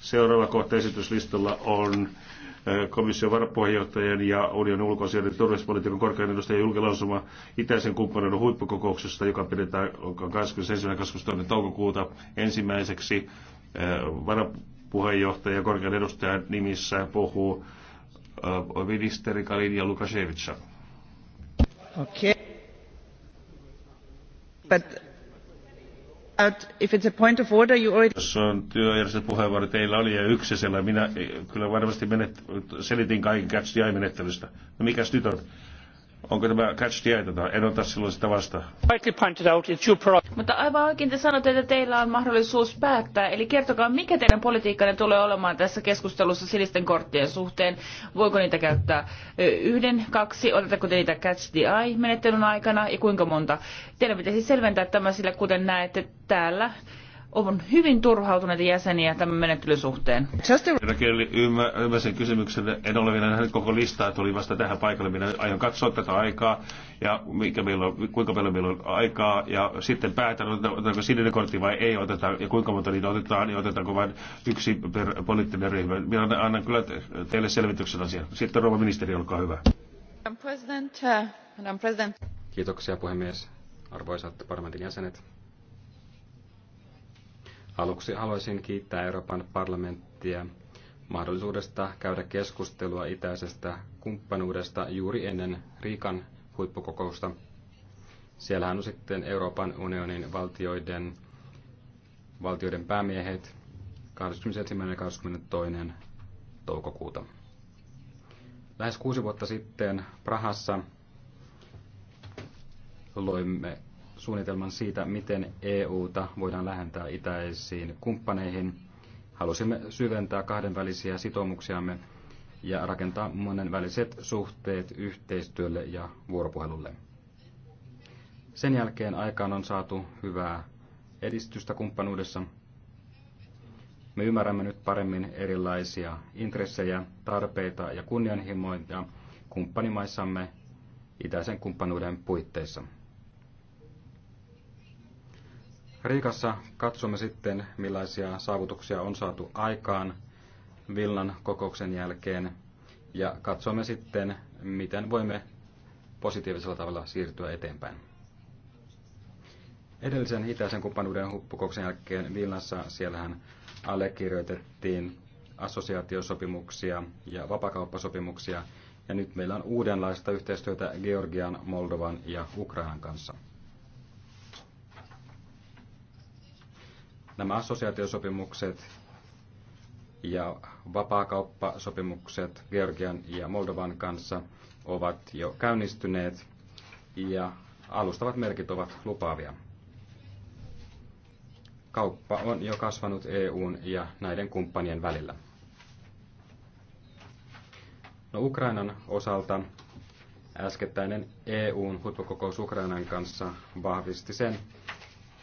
Seuraava kohta esityslistalla on komission varapuheenjohtajan ja unionin ulkoasioiden turvallisuuspolitiikan korkean edustajan julkilausuma itäisen kumppanuuden huippukokouksesta, joka pidetään 21.22. toukokuuta ensimmäiseksi varapuheenjohtajan ja korkean edustajan nimissä puhuu ministeri Kalinja Lukashevitsa. Okay. But If it's Jos on teillä oli ja yksi siellä, minä kyllä varmasti menet, selitin kaiken catch menettelystä No mikäs nyt on? Onko tämä catch the eye? En ota silloin sitä vastaan. Mutta aivan oikein te sanotte, että teillä on mahdollisuus päättää. Eli kertokaa, mikä teidän politiikkanne tulee olemaan tässä keskustelussa silisten korttien suhteen. Voiko niitä käyttää yhden, kaksi? Otetteko te niitä catch the eye-menettelyn aikana ja kuinka monta? Teidän pitäisi selventää tämä, sillä kuten näette täällä on hyvin turhautuneita jäseniä tämän menettelyn suhteen. Herra Kelly, ymmärsin kysymyksen. En ole vielä nähnyt koko listaa, tuli vasta tähän paikalle. Minä aion katsoa tätä aikaa ja mikä meillä on, kuinka paljon meillä on aikaa. Ja sitten päätän, otetaanko sininen kortti vai ei oteta ja kuinka monta niitä otetaan niin otetaanko vain yksi per poliittinen ryhmä. Minä annan kyllä teille selvityksen asian. Sitten rouva ministeri, olkaa hyvä. Uh, Kiitoksia puhemies. Arvoisat parlamentin jäsenet, Aluksi haluaisin kiittää Euroopan parlamenttia mahdollisuudesta käydä keskustelua itäisestä kumppanuudesta juuri ennen Riikan huippukokousta. Siellähän on sitten Euroopan unionin valtioiden, valtioiden päämiehet 21. ja 22. toukokuuta. Lähes kuusi vuotta sitten Prahassa loimme suunnitelman siitä, miten EUta voidaan lähentää itäisiin kumppaneihin. Halusimme syventää kahdenvälisiä sitoumuksiamme ja rakentaa monenväliset suhteet yhteistyölle ja vuoropuhelulle. Sen jälkeen aikaan on saatu hyvää edistystä kumppanuudessa. Me ymmärrämme nyt paremmin erilaisia intressejä, tarpeita ja kunnianhimoja kumppanimaissamme itäisen kumppanuuden puitteissa. Riikassa katsomme sitten, millaisia saavutuksia on saatu aikaan villan kokouksen jälkeen ja katsomme sitten, miten voimme positiivisella tavalla siirtyä eteenpäin. Edellisen itäisen kumppanuuden huppukouksen jälkeen Vilnassa siellähän allekirjoitettiin assosiaatiosopimuksia ja vapakauppasopimuksia, ja nyt meillä on uudenlaista yhteistyötä Georgian, Moldovan ja Ukrainan kanssa. Nämä assosiaatiosopimukset ja vapaakauppasopimukset Georgian ja Moldovan kanssa ovat jo käynnistyneet ja alustavat merkit ovat lupaavia. Kauppa on jo kasvanut EUn ja näiden kumppanien välillä. No, Ukrainan osalta äskettäinen EUn huippukokous Ukrainan kanssa vahvisti sen,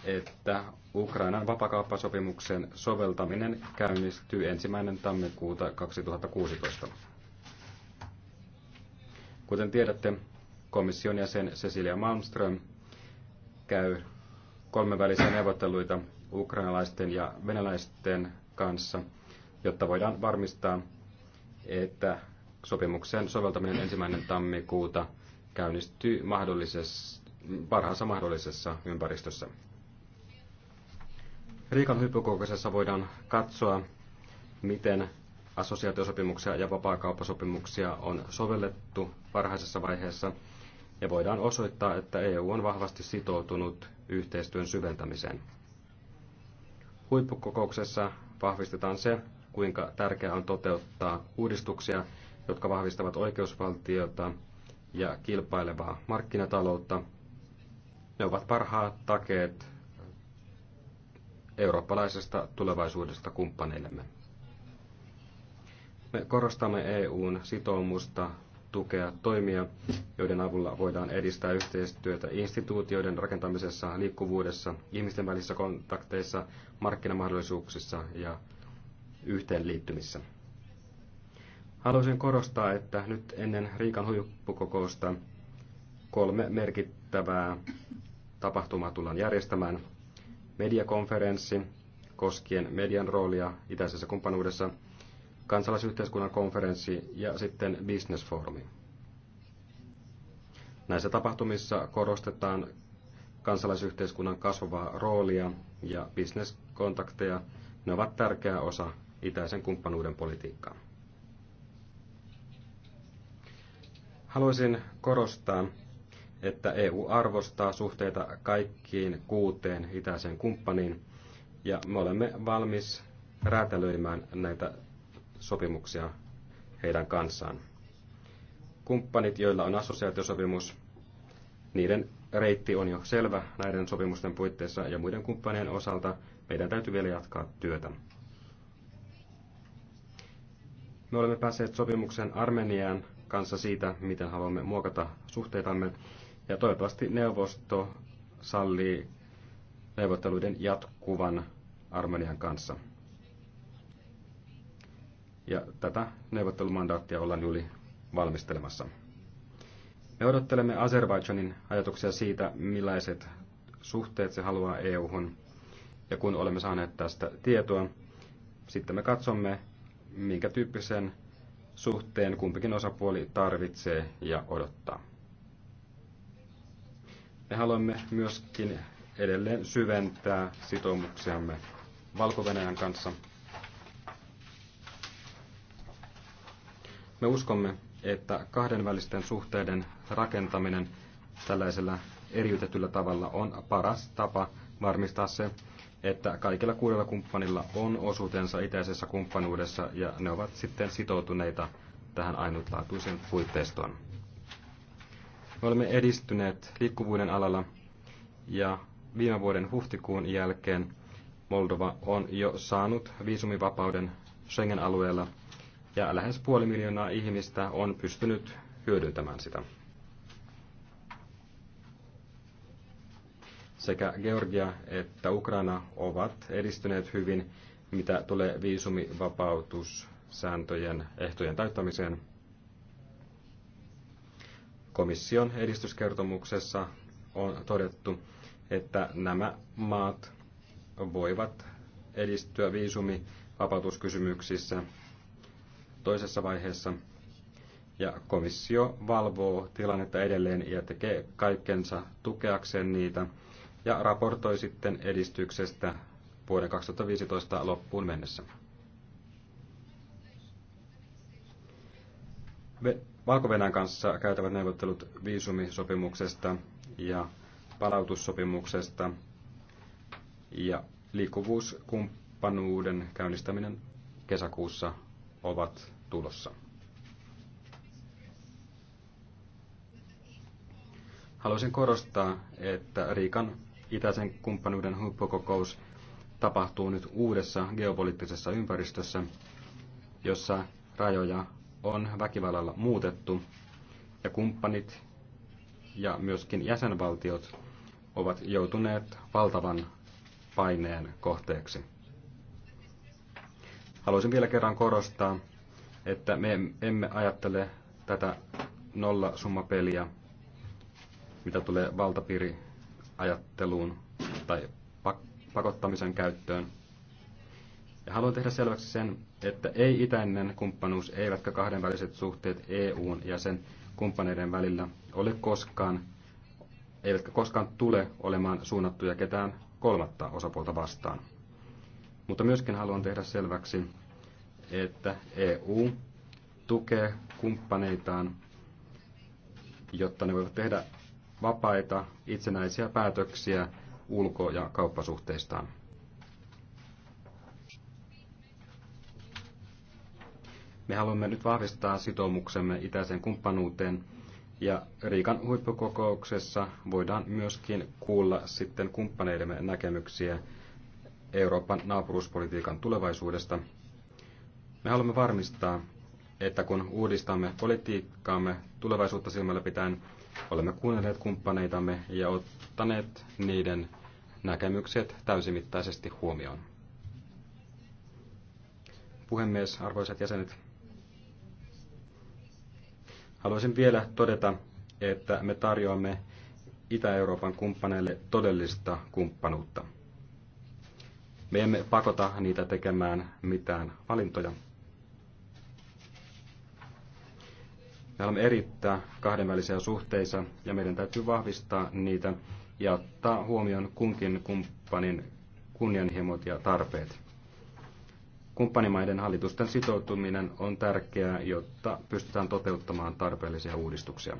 että Ukrainan vapakauppasopimuksen soveltaminen käynnistyy ensimmäinen tammikuuta 2016. Kuten tiedätte, komission jäsen Cecilia Malmström käy kolmenvälisiä neuvotteluita ukrainalaisten ja venäläisten kanssa, jotta voidaan varmistaa, että sopimuksen soveltaminen ensimmäinen tammikuuta käynnistyy parhaassa mahdollisessa ympäristössä. Riikan hyppykokouksessa voidaan katsoa, miten assosiaatiosopimuksia ja vapaakauppasopimuksia on sovellettu varhaisessa vaiheessa, ja voidaan osoittaa, että EU on vahvasti sitoutunut yhteistyön syventämiseen. Huippukokouksessa vahvistetaan se, kuinka tärkeää on toteuttaa uudistuksia, jotka vahvistavat oikeusvaltiota ja kilpailevaa markkinataloutta. Ne ovat parhaat takeet eurooppalaisesta tulevaisuudesta kumppaneillemme. Me korostamme EUn sitoumusta tukea toimia, joiden avulla voidaan edistää yhteistyötä instituutioiden rakentamisessa, liikkuvuudessa, ihmisten välisissä kontakteissa, markkinamahdollisuuksissa ja yhteenliittymissä. Haluaisin korostaa, että nyt ennen Riikan huippukokousta kolme merkittävää tapahtumaa tullaan järjestämään mediakonferenssi koskien median roolia itäisessä kumppanuudessa, kansalaisyhteiskunnan konferenssi ja sitten bisnesfoorumi. Näissä tapahtumissa korostetaan kansalaisyhteiskunnan kasvavaa roolia ja bisneskontakteja. Ne ovat tärkeä osa itäisen kumppanuuden politiikkaa. Haluaisin korostaa, että EU arvostaa suhteita kaikkiin kuuteen itäiseen kumppaniin, ja me olemme valmis räätälöimään näitä sopimuksia heidän kanssaan. Kumppanit, joilla on assosiaatiosopimus, niiden reitti on jo selvä näiden sopimusten puitteissa ja muiden kumppanien osalta meidän täytyy vielä jatkaa työtä. Me olemme päässeet sopimuksen Armenian kanssa siitä, miten haluamme muokata suhteitamme ja toivottavasti neuvosto sallii neuvotteluiden jatkuvan Armenian kanssa. Ja tätä neuvottelumandaattia ollaan juuri valmistelemassa. Me odottelemme Azerbaidžanin ajatuksia siitä, millaiset suhteet se haluaa EU-hun. Ja kun olemme saaneet tästä tietoa, sitten me katsomme, minkä tyyppisen suhteen kumpikin osapuoli tarvitsee ja odottaa. Me haluamme myöskin edelleen syventää sitoumuksiamme valko kanssa. Me uskomme, että kahdenvälisten suhteiden rakentaminen tällaisella eriytetyllä tavalla on paras tapa varmistaa se, että kaikilla kuudella kumppanilla on osuutensa itäisessä kumppanuudessa ja ne ovat sitten sitoutuneita tähän ainutlaatuisen puitteistoon. Me olemme edistyneet liikkuvuuden alalla ja viime vuoden huhtikuun jälkeen Moldova on jo saanut viisumivapauden Schengen-alueella ja lähes puoli miljoonaa ihmistä on pystynyt hyödyntämään sitä. Sekä Georgia että Ukraina ovat edistyneet hyvin, mitä tulee viisumivapautussääntöjen ehtojen täyttämiseen – Komission edistyskertomuksessa on todettu, että nämä maat voivat edistyä viisumivapautuskysymyksissä toisessa vaiheessa. Ja komissio valvoo tilannetta edelleen ja tekee kaikkensa tukeakseen niitä ja raportoi sitten edistyksestä vuoden 2015 loppuun mennessä valko kanssa käytävät neuvottelut viisumisopimuksesta ja palautussopimuksesta ja liikkuvuuskumppanuuden käynnistäminen kesäkuussa ovat tulossa. Haluaisin korostaa, että Riikan itäisen kumppanuuden huippukokous tapahtuu nyt uudessa geopoliittisessa ympäristössä, jossa rajoja on väkivallalla muutettu ja kumppanit ja myöskin jäsenvaltiot ovat joutuneet valtavan paineen kohteeksi. Haluaisin vielä kerran korostaa, että me emme ajattele tätä nollasummapeliä, mitä tulee valtapiiriajatteluun tai pakottamisen käyttöön. Ja haluan tehdä selväksi sen, että ei itäinen kumppanuus eivätkä kahdenväliset suhteet EUn ja sen kumppaneiden välillä ole koskaan, eivätkä koskaan tule olemaan suunnattuja ketään kolmatta osapuolta vastaan. Mutta myöskin haluan tehdä selväksi, että EU tukee kumppaneitaan, jotta ne voivat tehdä vapaita, itsenäisiä päätöksiä ulko- ja kauppasuhteistaan. Me haluamme nyt vahvistaa sitoumuksemme itäiseen kumppanuuteen ja Riikan huippukokouksessa voidaan myöskin kuulla sitten kumppaneidemme näkemyksiä Euroopan naapuruuspolitiikan tulevaisuudesta. Me haluamme varmistaa, että kun uudistamme politiikkaamme tulevaisuutta silmällä pitäen, olemme kuunnelleet kumppaneitamme ja ottaneet niiden näkemykset täysimittaisesti huomioon. Puhemies, arvoisat jäsenet, Haluaisin vielä todeta, että me tarjoamme Itä-Euroopan kumppaneille todellista kumppanuutta. Me emme pakota niitä tekemään mitään valintoja. Me haluamme erittää kahdenvälisiä suhteita ja meidän täytyy vahvistaa niitä ja ottaa huomioon kunkin kumppanin kunnianhimot ja tarpeet. Kumppanimaiden hallitusten sitoutuminen on tärkeää, jotta pystytään toteuttamaan tarpeellisia uudistuksia.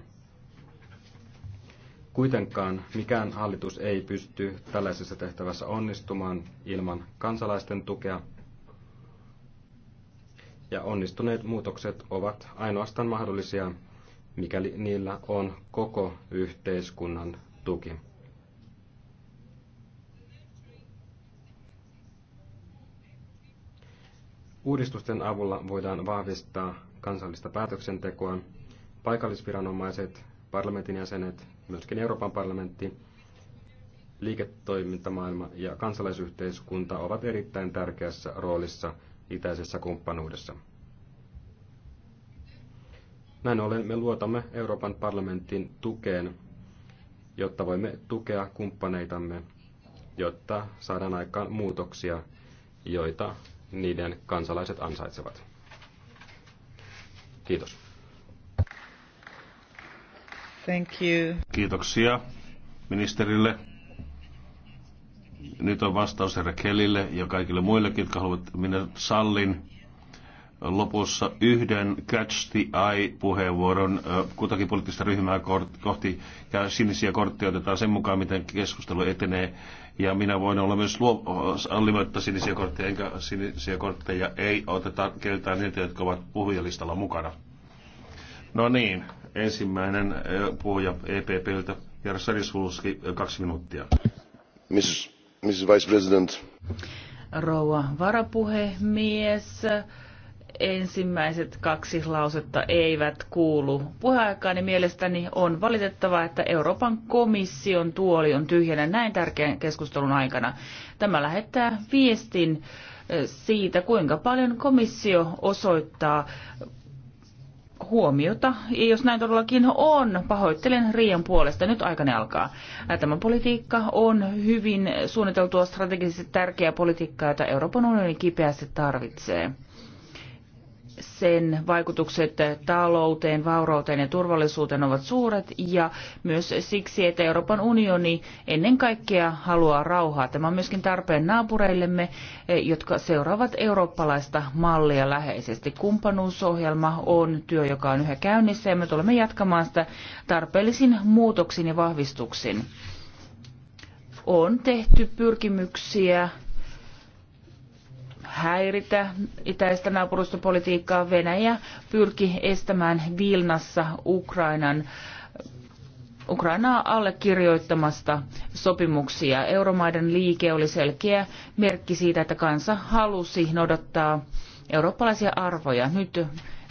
Kuitenkaan mikään hallitus ei pysty tällaisessa tehtävässä onnistumaan ilman kansalaisten tukea, ja onnistuneet muutokset ovat ainoastaan mahdollisia, mikäli niillä on koko yhteiskunnan tuki. Uudistusten avulla voidaan vahvistaa kansallista päätöksentekoa. Paikallisviranomaiset, parlamentin jäsenet, myöskin Euroopan parlamentti, liiketoimintamaailma ja kansalaisyhteiskunta ovat erittäin tärkeässä roolissa itäisessä kumppanuudessa. Näin ollen me luotamme Euroopan parlamentin tukeen, jotta voimme tukea kumppaneitamme, jotta saadaan aikaan muutoksia, joita niiden kansalaiset ansaitsevat. Kiitos. Thank you. Kiitoksia ministerille. Nyt on vastaus herra Kellille ja kaikille muillekin, jotka haluavat. Minä sallin lopussa yhden Catch the Eye-puheenvuoron kutakin poliittista ryhmää kohti ja sinisiä kortteja otetaan sen mukaan, miten keskustelu etenee ja minä voin olla myös sallimatta sinisiä kortteja, enkä sinisiä kortteja ei oteta keltään niitä, jotka ovat puhujalistalla mukana. No niin, ensimmäinen puhuja EPPltä, Jarsari Sulski, kaksi minuuttia. Mrs. Mrs. Vice President. Rouva varapuhemies, ensimmäiset kaksi lausetta eivät kuulu puheaikaan, niin mielestäni on valitettavaa, että Euroopan komission tuoli on tyhjänä näin tärkeän keskustelun aikana. Tämä lähettää viestin eh, siitä, kuinka paljon komissio osoittaa huomiota, ja jos näin todellakin on, pahoittelen Riian puolesta, nyt aikana alkaa. Tämä politiikka on hyvin suunniteltua strategisesti tärkeää politiikkaa, jota Euroopan unioni kipeästi tarvitsee sen vaikutukset talouteen, vaurauteen ja turvallisuuteen ovat suuret ja myös siksi, että Euroopan unioni ennen kaikkea haluaa rauhaa. Tämä on myöskin tarpeen naapureillemme, eh, jotka seuraavat eurooppalaista mallia läheisesti. Kumppanuusohjelma on työ, joka on yhä käynnissä ja me tulemme jatkamaan sitä tarpeellisin muutoksin ja vahvistuksin. On tehty pyrkimyksiä häiritä itäistä naapurustopolitiikkaa. Venäjä pyrki estämään Vilnassa Ukrainan Ukrainaa allekirjoittamasta sopimuksia. Euromaiden liike oli selkeä merkki siitä, että kansa halusi noudattaa eurooppalaisia arvoja. Nyt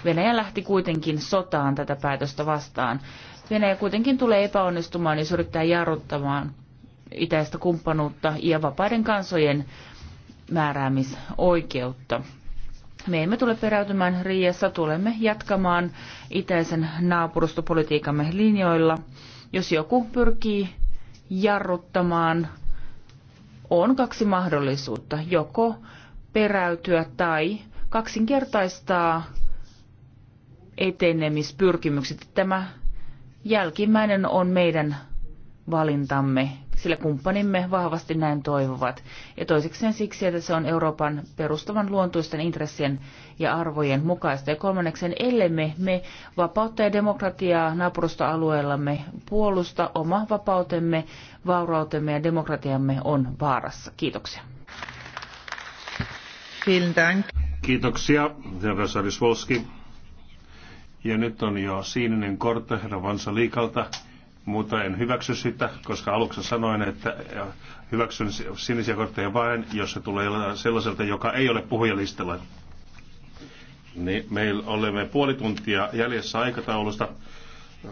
Venäjä lähti kuitenkin sotaan tätä päätöstä vastaan. Venäjä kuitenkin tulee epäonnistumaan, jos yrittää jarruttamaan itäistä kumppanuutta ja vapaiden kansojen määräämisoikeutta. Me emme tule peräytymään Riassa, tulemme jatkamaan itäisen naapurustopolitiikamme linjoilla. Jos joku pyrkii jarruttamaan, on kaksi mahdollisuutta. Joko peräytyä tai kaksinkertaistaa etenemispyrkimykset. Tämä jälkimmäinen on meidän valintamme sillä kumppanimme vahvasti näin toivovat. Ja toisekseen siksi, että se on Euroopan perustavan luontuisten intressien ja arvojen mukaista. Ja kolmannekseen, ellemme me vapautta ja demokratiaa alueellamme puolusta, oma vapautemme, vaurautemme ja demokratiamme on vaarassa. Kiitoksia. Kiitoksia, herra Sarisvolski. Ja nyt on jo siininen korte herra Vansa Liikalta mutta en hyväksy sitä, koska aluksi sanoin, että hyväksyn sinisiä kortteja vain, jos se tulee sellaiselta, joka ei ole puhujalistalla. Niin meillä olemme puoli tuntia jäljessä aikataulusta.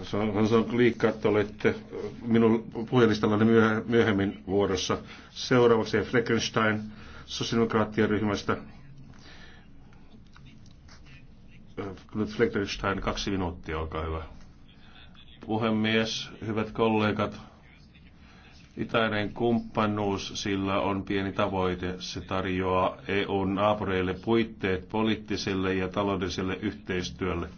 Se on, se on liikka, että olette minun puhujalistallani myöhemmin vuorossa. Seuraavaksi Fleckenstein sosiaalidemokraattien ryhmästä. Äh, Nyt Fleckenstein, kaksi minuuttia, olkaa hyvä puhemies, hyvät kollegat. Itäinen kumppanuus, sillä on pieni tavoite. Se tarjoaa EUn naapureille puitteet poliittiselle ja taloudelliselle yhteistyölle.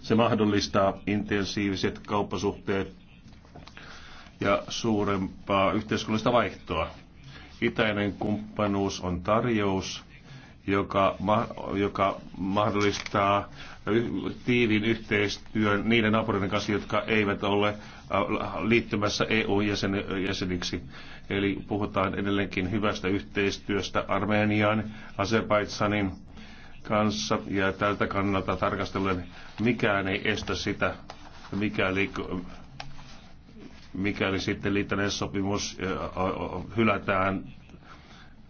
Se mahdollistaa intensiiviset kauppasuhteet ja suurempaa yhteiskunnallista vaihtoa. Itäinen kumppanuus on tarjous, joka, joka mahdollistaa tiivin yhteistyön niiden naapurien kanssa, jotka eivät ole äh, liittymässä EU-jäseniksi. Eli puhutaan edelleenkin hyvästä yhteistyöstä Armenian, Azerbaidsanin kanssa ja tältä kannalta tarkastellen mikään ei estä sitä, mikäli mikäli sitten liittäneen sopimus äh, hylätään,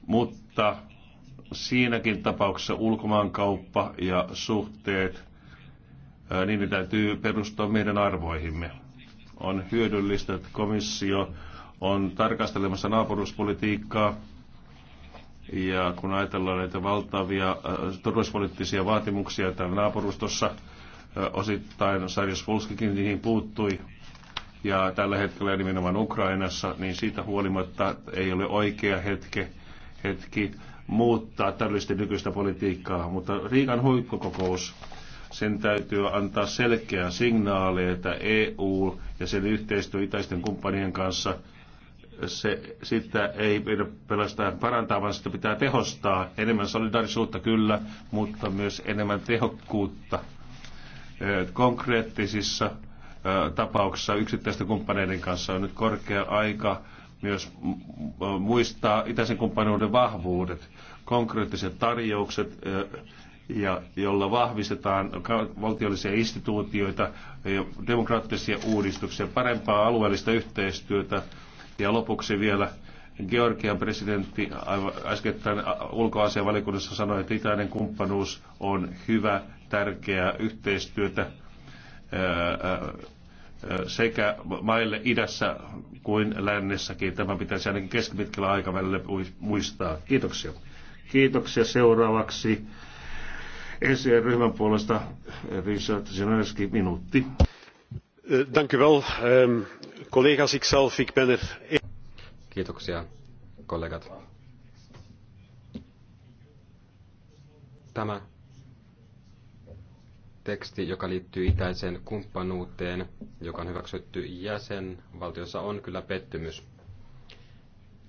mutta siinäkin tapauksessa ulkomaankauppa ja suhteet, niin ne täytyy perustua meidän arvoihimme. On hyödyllistä, että komissio on tarkastelemassa naapuruuspolitiikkaa ja kun ajatellaan näitä valtavia turvallisuuspoliittisia vaatimuksia täällä naapurustossa, osittain Sarjus Volskikin niihin puuttui, ja tällä hetkellä nimenomaan Ukrainassa, niin siitä huolimatta ei ole oikea hetke, hetki muuttaa taloudellisesti nykyistä politiikkaa, mutta Riikan huikkokokous, sen täytyy antaa selkeä signaali, että EU ja sen yhteistyö itäisten kumppanien kanssa, se, sitä ei pidä pelastaa parantaa, vaan sitä pitää tehostaa. Enemmän solidarisuutta kyllä, mutta myös enemmän tehokkuutta konkreettisissa tapauksissa yksittäisten kumppaneiden kanssa on nyt korkea aika myös muistaa itäisen kumppanuuden vahvuudet, konkreettiset tarjoukset, ja jolla vahvistetaan valtiollisia instituutioita, demokraattisia uudistuksia, parempaa alueellista yhteistyötä ja lopuksi vielä Georgian presidentti äskettäin ulkoasianvalikunnassa sanoi, että itäinen kumppanuus on hyvä, tärkeää yhteistyötä sekä maille idässä kuin lännessäkin. Tämä pitäisi ainakin keskipitkällä aikavälillä muistaa. Kiitoksia. Kiitoksia seuraavaksi. Ensin ryhmän puolesta Richard Zielinski, minuutti. Eh, dank u wel. Ehm, collega's, ikzelf, ik ben er... E- Kiitoksia, kollegat. Tämä teksti, joka liittyy itäiseen kumppanuuteen, joka on hyväksytty jäsenvaltiossa, on kyllä pettymys.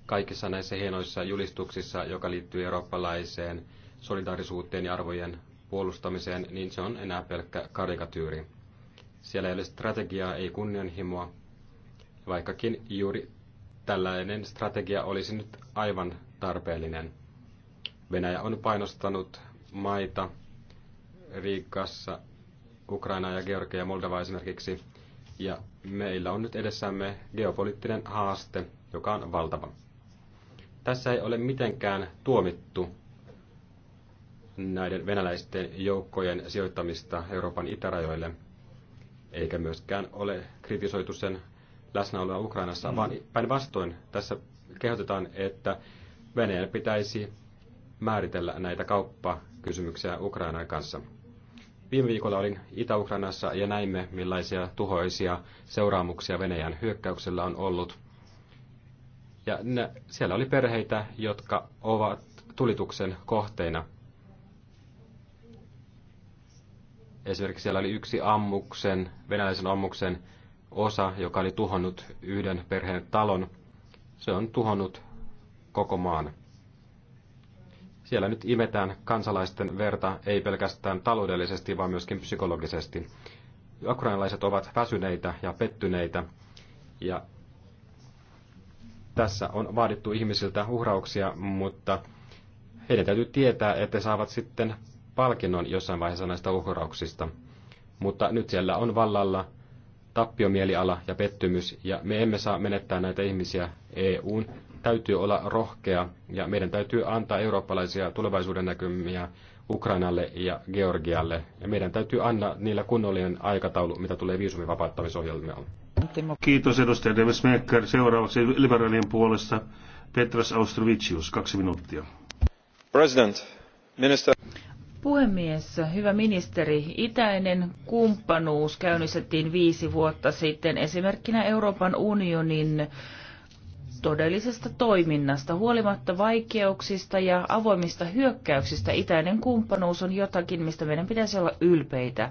Kaikissa näissä hienoissa julistuksissa, joka liittyy eurooppalaiseen solidaarisuuteen ja arvojen puolustamiseen, niin se on enää pelkkä karikatyyri. Siellä ei ole strategiaa, ei kunnianhimoa, vaikkakin juuri tällainen strategia olisi nyt aivan tarpeellinen. Venäjä on painostanut maita Riikassa Ukraina ja Georgia ja Moldova esimerkiksi. Ja meillä on nyt edessämme geopoliittinen haaste, joka on valtava. Tässä ei ole mitenkään tuomittu näiden venäläisten joukkojen sijoittamista Euroopan itärajoille, eikä myöskään ole kritisoitu sen läsnäoloa Ukrainassa, mm. vaan päinvastoin tässä kehotetaan, että Venäjän pitäisi määritellä näitä kauppakysymyksiä Ukrainan kanssa. Viime viikolla olin Itä-Ukrainassa ja näimme, millaisia tuhoisia seuraamuksia Venäjän hyökkäyksellä on ollut. Ja ne, siellä oli perheitä, jotka ovat tulituksen kohteina. Esimerkiksi siellä oli yksi ammuksen, venäläisen ammuksen osa, joka oli tuhonnut yhden perheen talon. Se on tuhonnut koko maan. Siellä nyt imetään kansalaisten verta, ei pelkästään taloudellisesti, vaan myöskin psykologisesti. Ukrainalaiset ovat väsyneitä ja pettyneitä, ja tässä on vaadittu ihmisiltä uhrauksia, mutta heidän täytyy tietää, että saavat sitten palkinnon jossain vaiheessa näistä uhrauksista. Mutta nyt siellä on vallalla tappiomieliala ja pettymys, ja me emme saa menettää näitä ihmisiä EUn täytyy olla rohkea ja meidän täytyy antaa eurooppalaisia tulevaisuuden näkymiä Ukrainalle ja Georgialle. Ja meidän täytyy anna niillä kunnollinen aikataulu, mitä tulee viisumin vapauttamisohjelmaan. Kiitos edustaja Davis Mekker. Seuraavaksi liberaalien puolesta Petras Austrovicius, kaksi minuuttia. President, minister puhemies, hyvä ministeri, itäinen kumppanuus käynnistettiin viisi vuotta sitten esimerkkinä Euroopan unionin todellisesta toiminnasta. Huolimatta vaikeuksista ja avoimista hyökkäyksistä itäinen kumppanuus on jotakin, mistä meidän pitäisi olla ylpeitä.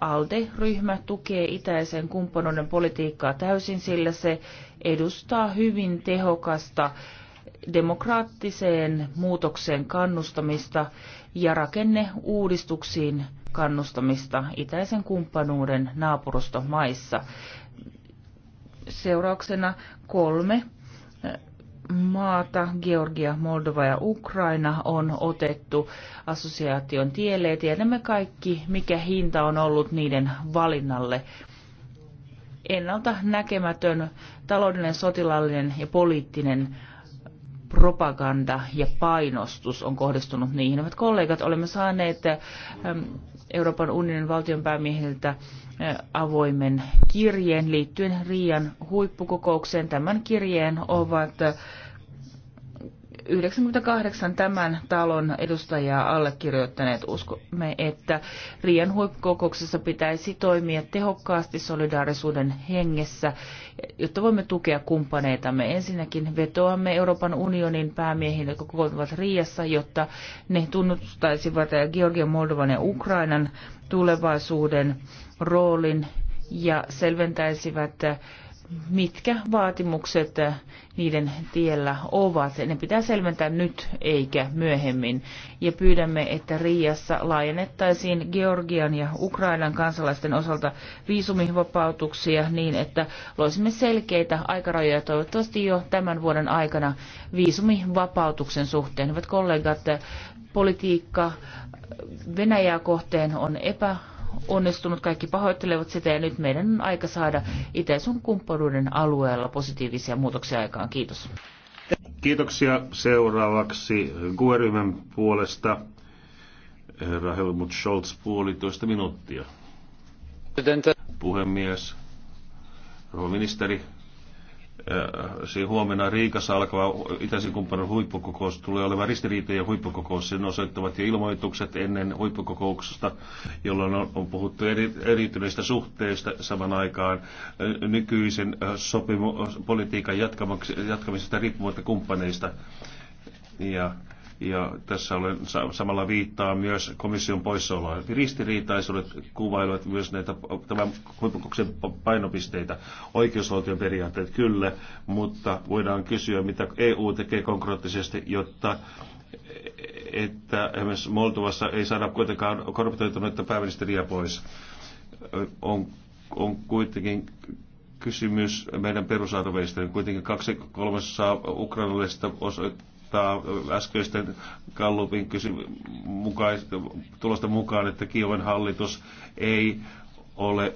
ALDE-ryhmä tukee itäisen kumppanuuden politiikkaa täysin, sillä se edustaa hyvin tehokasta demokraattiseen muutokseen kannustamista ja rakenneuudistuksiin kannustamista itäisen kumppanuuden naapurustomaissa seurauksena kolme maata, Georgia, Moldova ja Ukraina, on otettu assosiaation tielle. Tiedämme kaikki, mikä hinta on ollut niiden valinnalle. Ennalta näkemätön taloudellinen, sotilaallinen ja poliittinen propaganda ja painostus on kohdistunut niihin. Hyvät kollegat, olemme saaneet Euroopan unionin valtionpäämiehiltä avoimen kirjeen liittyen Riian huippukokoukseen. Tämän kirjeen ovat 98 tämän talon edustajaa allekirjoittaneet uskomme, että Rian huippukokouksessa pitäisi toimia tehokkaasti solidaarisuuden hengessä, jotta voimme tukea kumppaneitamme. Ensinnäkin vetoamme Euroopan unionin päämiehiin, jotka kokoontuvat Riassa, jotta ne tunnustaisivat Georgian, Moldovan ja Ukrainan tulevaisuuden roolin ja selventäisivät mitkä vaatimukset niiden tiellä ovat. Ne pitää selventää nyt eikä myöhemmin. Ja pyydämme, että Riassa laajennettaisiin Georgian ja Ukrainan kansalaisten osalta viisumivapautuksia niin, että loisimme selkeitä aikarajoja toivottavasti jo tämän vuoden aikana viisumivapautuksen suhteen. Hyvät kollegat, politiikka Venäjää kohteen on epä onnistunut, kaikki pahoittelevat sitä ja nyt meidän on aika saada itäisen kumppanuuden alueella positiivisia muutoksia aikaan. Kiitos. Kiitoksia seuraavaksi QE-ryhmän puolesta. Herra Helmut Scholz, puolitoista minuuttia. Puhemies, rouva ministeri, siinä huomenna Riikassa alkava itäisen kumppanin huippukokous tulee olemaan ristiriitojen huippukokous. Sen osoittavat jo ilmoitukset ennen huippukokouksesta, jolloin on, on puhuttu eri, erityisistä suhteista saman aikaan nykyisen sopimu, politiikan jatkamisesta riippumatta kumppaneista. Ja ja tässä olen samalla viittaa myös komission poissaoloa. Ristiriitaisuudet kuvailevat myös näitä tämän huippukokouksen painopisteitä. Oikeusvaltion periaatteet kyllä, mutta voidaan kysyä, mitä EU tekee konkreettisesti, jotta että esimerkiksi Moldovassa ei saada kuitenkaan korruptoituneita pääministeriä pois. On, on kuitenkin kysymys meidän perusarvoista. Kuitenkin kaksi kolmessa ukrainalaisista vastaa äskeisten Kallupin kysy- mukaan, tulosta mukaan, että Kiovan hallitus ei ole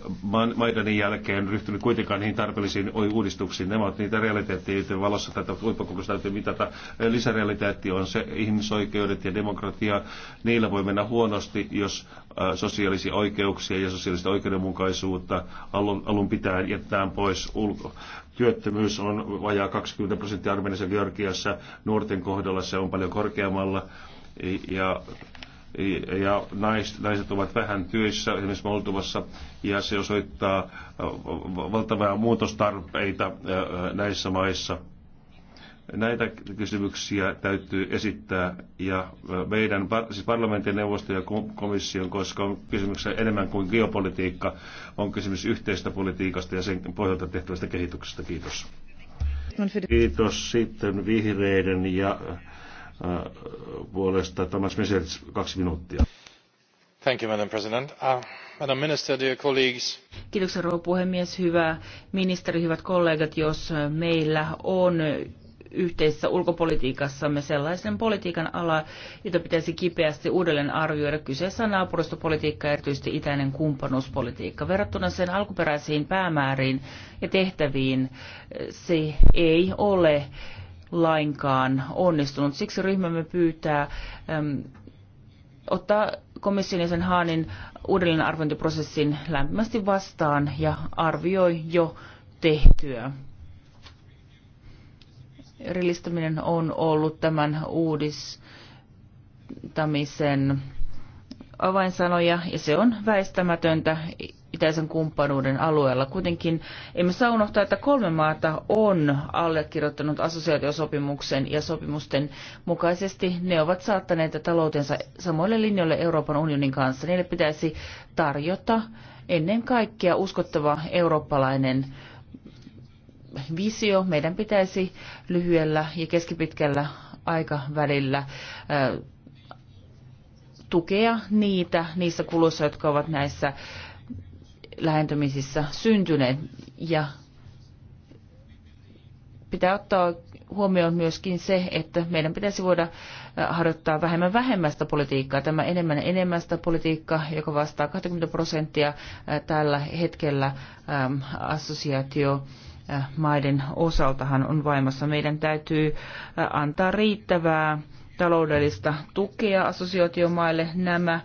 Maidanin jälkeen ryhtynyt kuitenkaan niihin tarpeellisiin uudistuksiin. Nämä ovat niitä realiteetteja, joiden valossa tätä huippakokousta täytyy mitata. Lisärealiteetti on se ihmisoikeudet ja demokratia. Niillä voi mennä huonosti, jos sosiaalisia oikeuksia ja sosiaalista oikeudenmukaisuutta alun, alun pitää jättää pois ulko, Työttömyys on vajaa 20 prosenttia Armeniassa Georgiassa, nuorten kohdalla se on paljon korkeammalla ja, ja naiset, naiset ovat vähän työissä, esimerkiksi Moldovassa, ja se osoittaa valtavaa muutostarpeita näissä maissa – Näitä kysymyksiä täytyy esittää ja meidän siis parlamentin neuvosto ja komission, koska on kysymyksessä enemmän kuin geopolitiikka, on kysymys yhteistä politiikasta ja sen pohjalta tehtävästä kehityksestä. Kiitos. Kiitos sitten vihreiden ja äh, puolesta Thomas Mesels, kaksi minuuttia. Thank you, Madam President. Uh, Madam Minister, dear colleagues. Kiitoksia rouva puhemies, hyvä ministeri, hyvät kollegat, jos meillä on yhteisessä ulkopolitiikassamme sellaisen politiikan ala, jota pitäisi kipeästi uudelleen arvioida. Kyseessä on naapuristopolitiikka ja erityisesti itäinen kumppanuuspolitiikka. Verrattuna sen alkuperäisiin päämääriin ja tehtäviin se ei ole lainkaan onnistunut. Siksi ryhmämme pyytää äm, ottaa komission ja sen Haanin uudelleenarviointiprosessin lämpimästi vastaan ja arvioi jo tehtyä erillistäminen on ollut tämän uudistamisen avainsanoja, ja se on väistämätöntä itäisen kumppanuuden alueella. Kuitenkin emme saa unohtaa, että kolme maata on allekirjoittanut assosiaatiosopimuksen ja sopimusten mukaisesti ne ovat saattaneet taloutensa samoille linjoille Euroopan unionin kanssa. Niille pitäisi tarjota ennen kaikkea uskottava eurooppalainen visio. Meidän pitäisi lyhyellä ja keskipitkällä aikavälillä tukea niitä niissä kuluissa, jotka ovat näissä lähentymisissä syntyneet. Ja pitää ottaa huomioon myöskin se, että meidän pitäisi voida harjoittaa vähemmän vähemmästä politiikkaa. Tämä enemmän enemmästä politiikka, joka vastaa 20 prosenttia tällä hetkellä assosiaatio Äh, maiden osaltahan on vaimassa. Meidän täytyy äh, antaa riittävää taloudellista tukea assosiaatiomaille. Nämä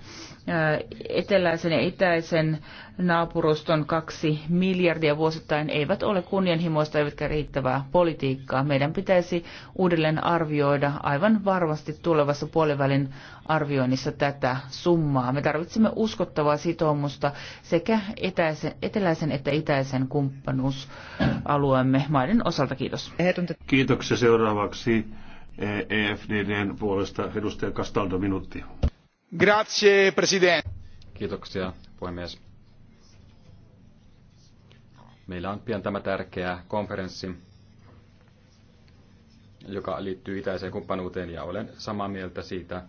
eteläisen ja itäisen naapuruston kaksi miljardia vuosittain eivät ole kunnianhimoista eivätkä riittävää politiikkaa. Meidän pitäisi uudelleen arvioida aivan varmasti tulevassa puolivälin arvioinnissa tätä summaa. Me tarvitsemme uskottavaa sitoumusta sekä etäisen, eteläisen että itäisen kumppanuusalueemme maiden osalta. Kiitos. Kiitoksia seuraavaksi EFDDn e puolesta edustaja Castaldo minuutti. Grazie, presidente. Kiitoksia, puhemies. Meillä on pian tämä tärkeä konferenssi, joka liittyy itäiseen kumppanuuteen, ja olen samaa mieltä siitä,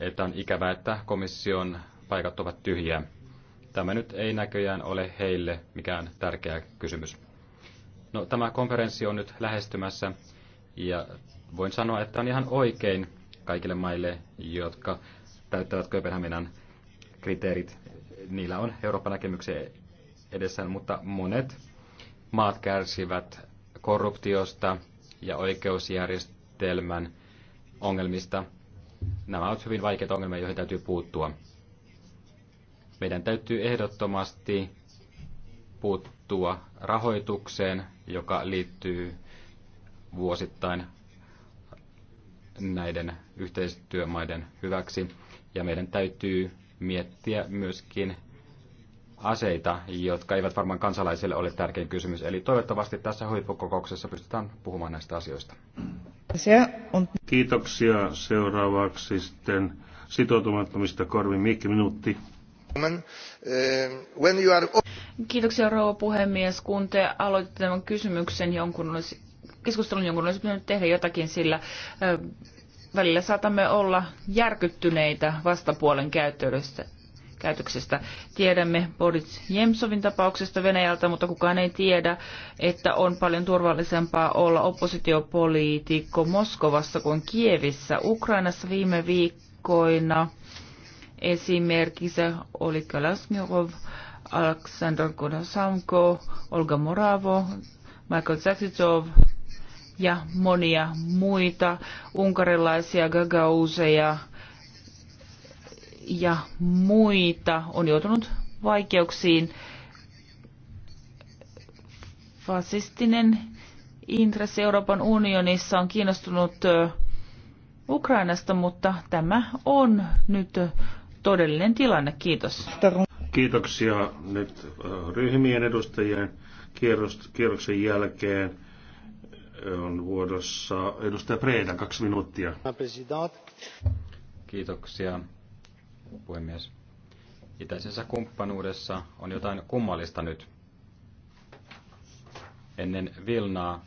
että on ikävää, että komission paikat ovat tyhjiä. Tämä nyt ei näköjään ole heille mikään tärkeä kysymys. No, tämä konferenssi on nyt lähestymässä, ja voin sanoa, että on ihan oikein kaikille maille, jotka täyttävät Kööpenhaminan kriteerit. Niillä on Euroopan näkemyksen edessään, mutta monet maat kärsivät korruptiosta ja oikeusjärjestelmän ongelmista. Nämä ovat hyvin vaikeita ongelmia, joihin täytyy puuttua. Meidän täytyy ehdottomasti puuttua rahoitukseen, joka liittyy vuosittain näiden yhteistyömaiden hyväksi ja meidän täytyy miettiä myöskin aseita, jotka eivät varmaan kansalaisille ole tärkein kysymys. Eli toivottavasti tässä huippukokouksessa pystytään puhumaan näistä asioista. Kiitoksia. Seuraavaksi sitten sitoutumattomista Korvi Mikki, minuutti. Kiitoksia rouva puhemies. Kun te aloititte tämän kysymyksen, jonkun olisi, keskustelun jonkun olisi pitänyt tehdä jotakin, sillä välillä saatamme olla järkyttyneitä vastapuolen käyttöydestä. käytöksestä. Tiedämme Boris Jemsovin tapauksesta Venäjältä, mutta kukaan ei tiedä, että on paljon turvallisempaa olla oppositiopoliitikko Moskovassa kuin Kievissä. Ukrainassa viime viikkoina esimerkiksi oli Kalasmirov, Aleksandr Kodosamko, Olga Moravo, Michael Zaksitsov, ja monia muita unkarilaisia gagauseja ja muita on joutunut vaikeuksiin. Fasistinen intressi Euroopan unionissa on kiinnostunut Ukrainasta, mutta tämä on nyt todellinen tilanne. Kiitos. Kiitoksia nyt ryhmien edustajien kierroksen jälkeen on vuodossa edustaja Preeda, kaksi minuuttia. Kiitoksia, puhemies. Itäisessä kumppanuudessa on jotain kummallista nyt. Ennen Vilnaa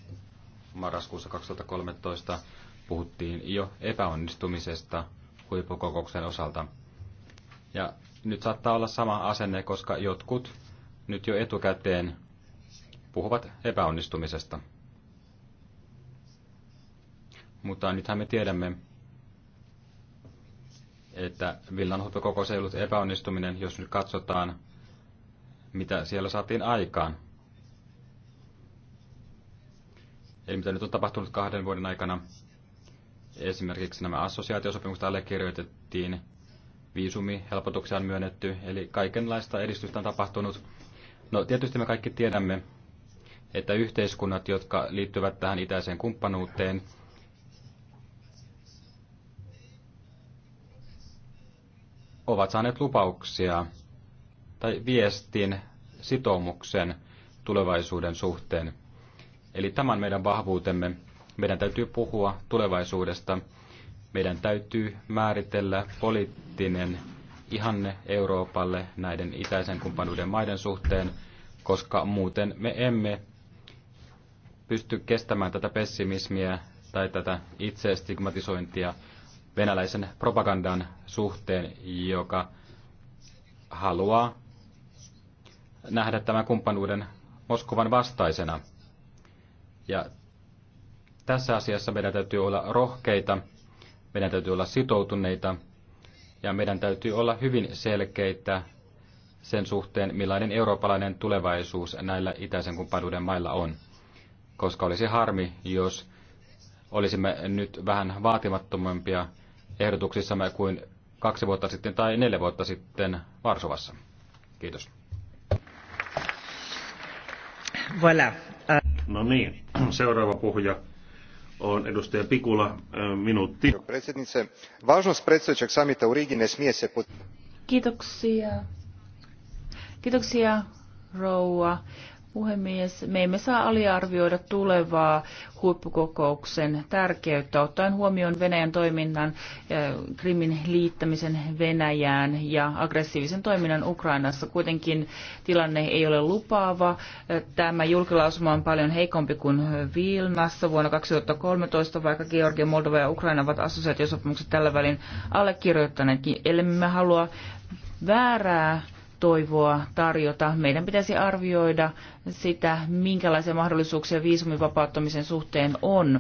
marraskuussa 2013 puhuttiin jo epäonnistumisesta huippukokouksen osalta. Ja nyt saattaa olla sama asenne, koska jotkut nyt jo etukäteen puhuvat epäonnistumisesta. Mutta nythän me tiedämme, että villanhuuhtokokous ei ollut epäonnistuminen, jos nyt katsotaan, mitä siellä saatiin aikaan. Eli mitä nyt on tapahtunut kahden vuoden aikana. Esimerkiksi nämä assosiaatiosopimukset allekirjoitettiin, helpotuksia on myönnetty, eli kaikenlaista edistystä on tapahtunut. No tietysti me kaikki tiedämme, että yhteiskunnat, jotka liittyvät tähän itäiseen kumppanuuteen, ovat saaneet lupauksia tai viestin sitoumuksen tulevaisuuden suhteen. Eli tämän meidän vahvuutemme. Meidän täytyy puhua tulevaisuudesta. Meidän täytyy määritellä poliittinen ihanne Euroopalle näiden itäisen kumppanuuden maiden suhteen, koska muuten me emme pysty kestämään tätä pessimismiä tai tätä itsestigmatisointia, venäläisen propagandan suhteen, joka haluaa nähdä tämän kumppanuuden Moskovan vastaisena. Ja tässä asiassa meidän täytyy olla rohkeita, meidän täytyy olla sitoutuneita ja meidän täytyy olla hyvin selkeitä sen suhteen, millainen eurooppalainen tulevaisuus näillä itäisen kumppanuuden mailla on. Koska olisi harmi, jos olisimme nyt vähän vaatimattomampia ehdotuksissamme kuin kaksi vuotta sitten tai neljä vuotta sitten Varsovassa. Kiitos. Voilà. No niin, seuraava puhuja on edustaja Pikula, äh, minuutti. se... Kiitoksia. Kiitoksia, rouva puhemies. Me emme saa aliarvioida tulevaa huippukokouksen tärkeyttä, ottaen huomioon Venäjän toiminnan, eh, Krimin liittämisen Venäjään ja aggressiivisen toiminnan Ukrainassa. Kuitenkin tilanne ei ole lupaava. Eh, tämä julkilausuma on paljon heikompi kuin Vilnassa vuonna 2013, vaikka Georgia, Moldova ja Ukraina ovat assosiaatiosopimukset tällä välin allekirjoittaneetkin. Eli me halua väärää toivoa tarjota. Meidän pitäisi arvioida sitä, minkälaisia mahdollisuuksia viisumin vapauttamisen suhteen on.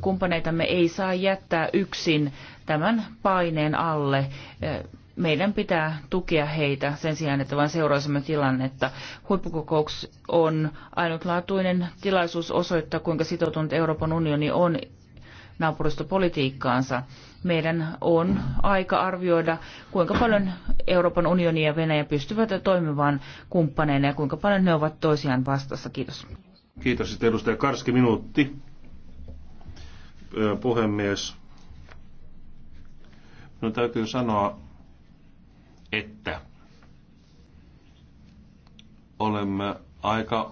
Kumppaneitamme ei saa jättää yksin tämän paineen alle. Meidän pitää tukea heitä sen sijaan, että vain seuraisimme tilannetta. Huippukokouks on ainutlaatuinen tilaisuus osoittaa, kuinka sitoutunut Euroopan unioni on naapuristopolitiikkaansa. politiikkaansa meidän on aika arvioida, kuinka paljon Euroopan unioni ja Venäjä pystyvät toimimaan kumppaneina ja kuinka paljon ne ovat toisiaan vastassa. Kiitos. Kiitos. Sitten edustaja Karski, minuutti. Puhemies. No täytyy sanoa, että olemme aika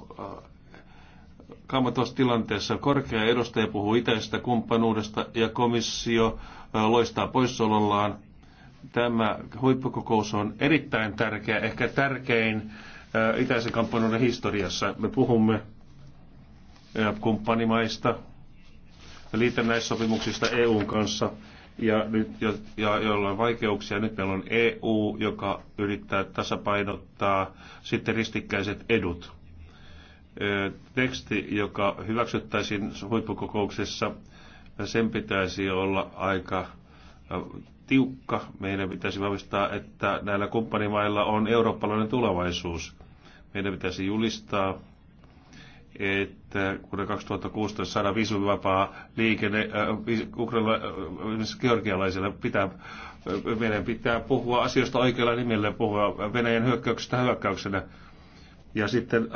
kammotuossa tilanteessa. Korkea edustaja puhuu itäisestä kumppanuudesta ja komissio loistaa poissaolollaan. Tämä huippukokous on erittäin tärkeä, ehkä tärkein itäisen kampanjoiden historiassa. Me puhumme kumppanimaista, liitännäissopimuksista EUn kanssa, ja, nyt, ja, ja joilla on vaikeuksia. Nyt meillä on EU, joka yrittää tasapainottaa sitten ristikkäiset edut. Teksti, joka hyväksyttäisiin huippukokouksessa, sen pitäisi olla aika tiukka. Meidän pitäisi vahvistaa, että näillä kumppanimailla on eurooppalainen tulevaisuus. Meidän pitäisi julistaa, että kun 2016 saadaan viisumivapaa liikenne äh, georgialaisille, pitää, meidän pitää puhua asioista oikealla nimellä, puhua Venäjän hyökkäyksestä hyökkäyksenä. Ja sitten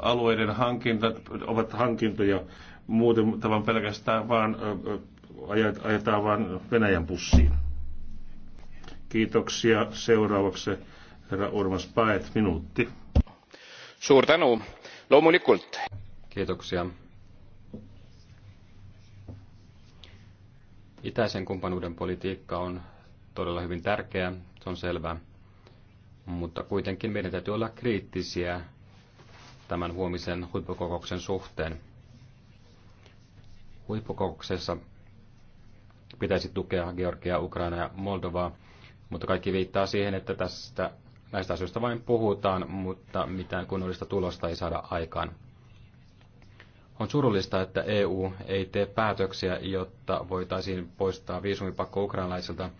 alueiden hankintat ovat hankintoja muuten tavan pelkästään vaan ajetaan vaan Venäjän pussiin. Kiitoksia. Seuraavaksi herra Urmas Paet, minuutti. Suur tänu. Loomulikult. Kiitoksia. Itäisen kumppanuuden politiikka on todella hyvin tärkeä, se on selvää. Mutta kuitenkin meidän täytyy olla kriittisiä tämän huomisen huippukokouksen suhteen huippukokouksessa pitäisi tukea Georgiaa, Ukraina ja Moldovaa, mutta kaikki viittaa siihen, että tästä, näistä asioista vain puhutaan, mutta mitään kunnollista tulosta ei saada aikaan. On surullista, että EU ei tee päätöksiä, jotta voitaisiin poistaa viisumipakko ukrainalaisilta.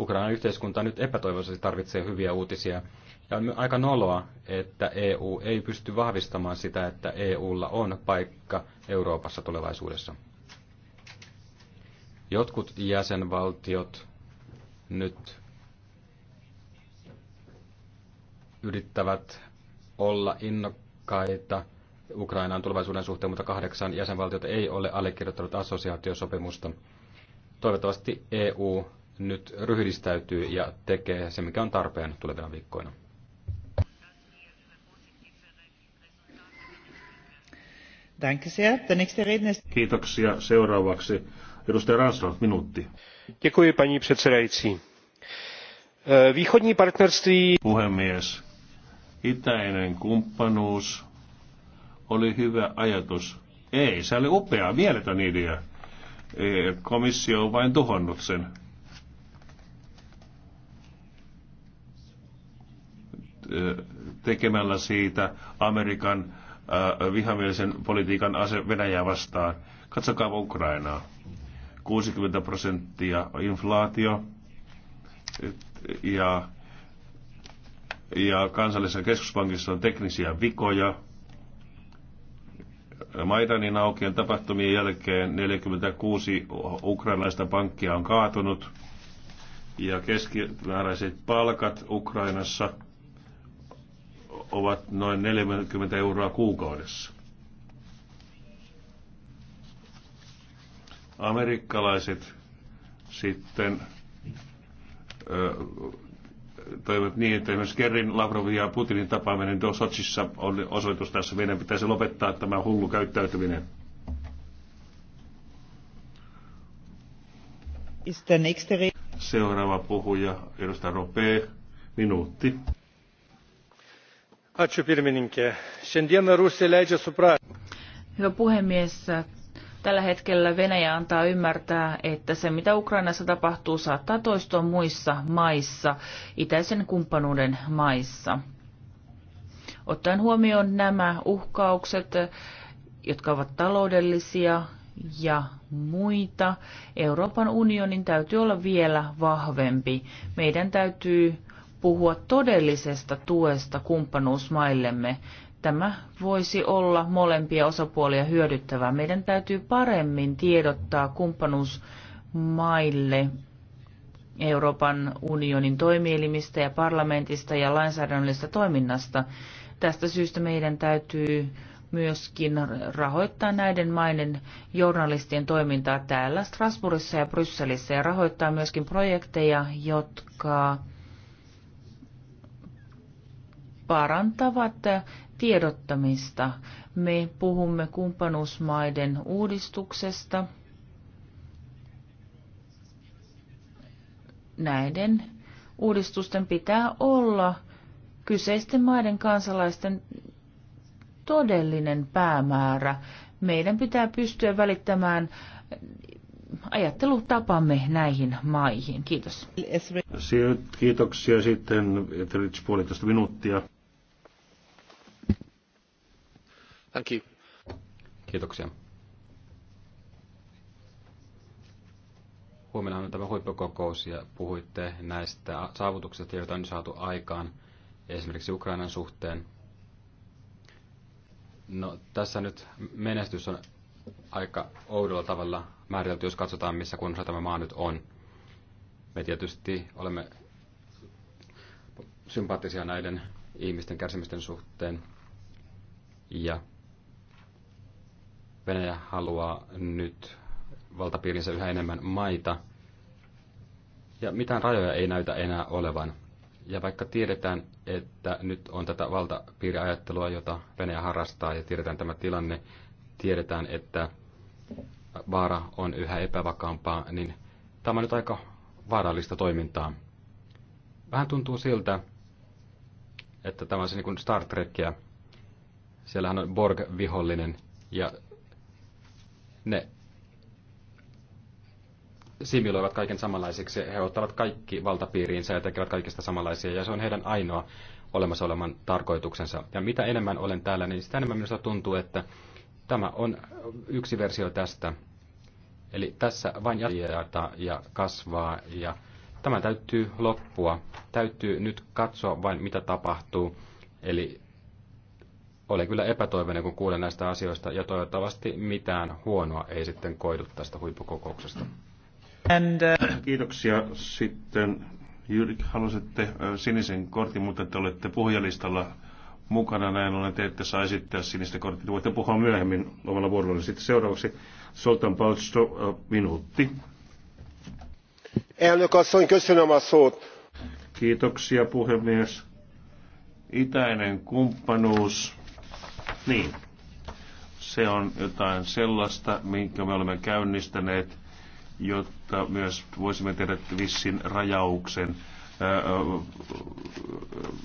Ukrainan yhteiskunta nyt epätoivoisesti tarvitsee hyviä uutisia. Ja on aika noloa, että EU ei pysty vahvistamaan sitä, että EUlla on paikka Euroopassa tulevaisuudessa. Jotkut jäsenvaltiot nyt yrittävät olla innokkaita Ukrainan tulevaisuuden suhteen, mutta kahdeksan jäsenvaltiota ei ole allekirjoittanut assosiaatiosopimusta. Toivottavasti EU nyt ryhdistäytyy ja tekee se, mikä on tarpeen tulevina viikkoina. Kiitoksia. Seuraavaksi Edustaja Ransson, minuutti. Děkuji, paní předsedající. Eh, východní partnerství... Puhemies, itäinen kumppanuus oli hyvä ajatus. Ei, se oli upea, mieletön idea. E, komissio on vain tuhonnut sen. E, tekemällä siitä Amerikan vihamielisen politiikan ase Venäjää vastaan. Katsokaa Ukrainaa. 60 prosenttia inflaatio ja, ja kansallisessa keskuspankissa on teknisiä vikoja. Maidanin aukion tapahtumien jälkeen 46 ukrainalaista pankkia on kaatunut ja keskimääräiset palkat Ukrainassa ovat noin 40 euroa kuukaudessa. Amerikkalaiset sitten ö, toivat niin, että esimerkiksi Kerrin, Lavrovin ja Putinin tapaaminen Sotsissa on osoitus tässä. Meidän pitäisi lopettaa tämä hullu käyttäytyminen. Seuraava puhuja, edustaja Rope, minuutti. Hyvä puhemies. Tällä hetkellä Venäjä antaa ymmärtää, että se mitä Ukrainassa tapahtuu saattaa toistua muissa maissa, itäisen kumppanuuden maissa. Ottaen huomioon nämä uhkaukset, jotka ovat taloudellisia ja muita, Euroopan unionin täytyy olla vielä vahvempi. Meidän täytyy puhua todellisesta tuesta kumppanuusmaillemme tämä voisi olla molempia osapuolia hyödyttävää. Meidän täytyy paremmin tiedottaa kumppanuusmaille Euroopan unionin toimielimistä ja parlamentista ja lainsäädännöllisestä toiminnasta. Tästä syystä meidän täytyy myöskin rahoittaa näiden maiden journalistien toimintaa täällä Strasbourgissa ja Brysselissä ja rahoittaa myöskin projekteja, jotka parantavat tiedottamista. Me puhumme kumppanuusmaiden uudistuksesta. Näiden uudistusten pitää olla kyseisten maiden kansalaisten todellinen päämäärä. Meidän pitää pystyä välittämään ajattelutapamme näihin maihin. Kiitos. Kiitoksia sitten, Rich, puolitoista minuuttia. Thank you. Kiitoksia. Huomenna on tämä huippukokous ja puhuitte näistä saavutuksista, joita on saatu aikaan esimerkiksi Ukrainan suhteen. No, tässä nyt menestys on aika oudolla tavalla määritelty, jos katsotaan, missä kunnossa tämä maa nyt on. Me tietysti olemme sympaattisia näiden ihmisten kärsimysten suhteen. Ja Venäjä haluaa nyt valtapiirinsä yhä enemmän maita, ja mitään rajoja ei näytä enää olevan. Ja vaikka tiedetään, että nyt on tätä valtapiiriajattelua, jota Venäjä harrastaa, ja tiedetään tämä tilanne, tiedetään, että vaara on yhä epävakaampaa, niin tämä on nyt aika vaarallista toimintaa. Vähän tuntuu siltä, että tämä on se niin kuin Star Trekia. Siellähän on Borg-vihollinen, ja ne similoivat kaiken samanlaisiksi. He ottavat kaikki valtapiiriinsä ja tekevät kaikista samanlaisia, ja se on heidän ainoa olemassa olevan tarkoituksensa. Ja mitä enemmän olen täällä, niin sitä enemmän minusta tuntuu, että tämä on yksi versio tästä. Eli tässä vain jatkuu ja kasvaa, ja tämä täytyy loppua. Täytyy nyt katsoa vain, mitä tapahtuu. Eli olen kyllä epätoivoinen, kun kuulen näistä asioista, ja toivottavasti mitään huonoa ei sitten koidu tästä huippukokouksesta. And, uh... Kiitoksia. Sitten Jyrki, halusitte sinisen kortin, mutta te olette puhujalistalla mukana. Näin ollen te ette saa esittää sinistä korttia. Voitte puhua myöhemmin omalla vuorollani. Sitten seuraavaksi Soltan Palsto, minuutti. Kiitoksia puhemies. Itäinen kumppanuus niin. Se on jotain sellaista, minkä me olemme käynnistäneet, jotta myös voisimme tehdä vissin rajauksen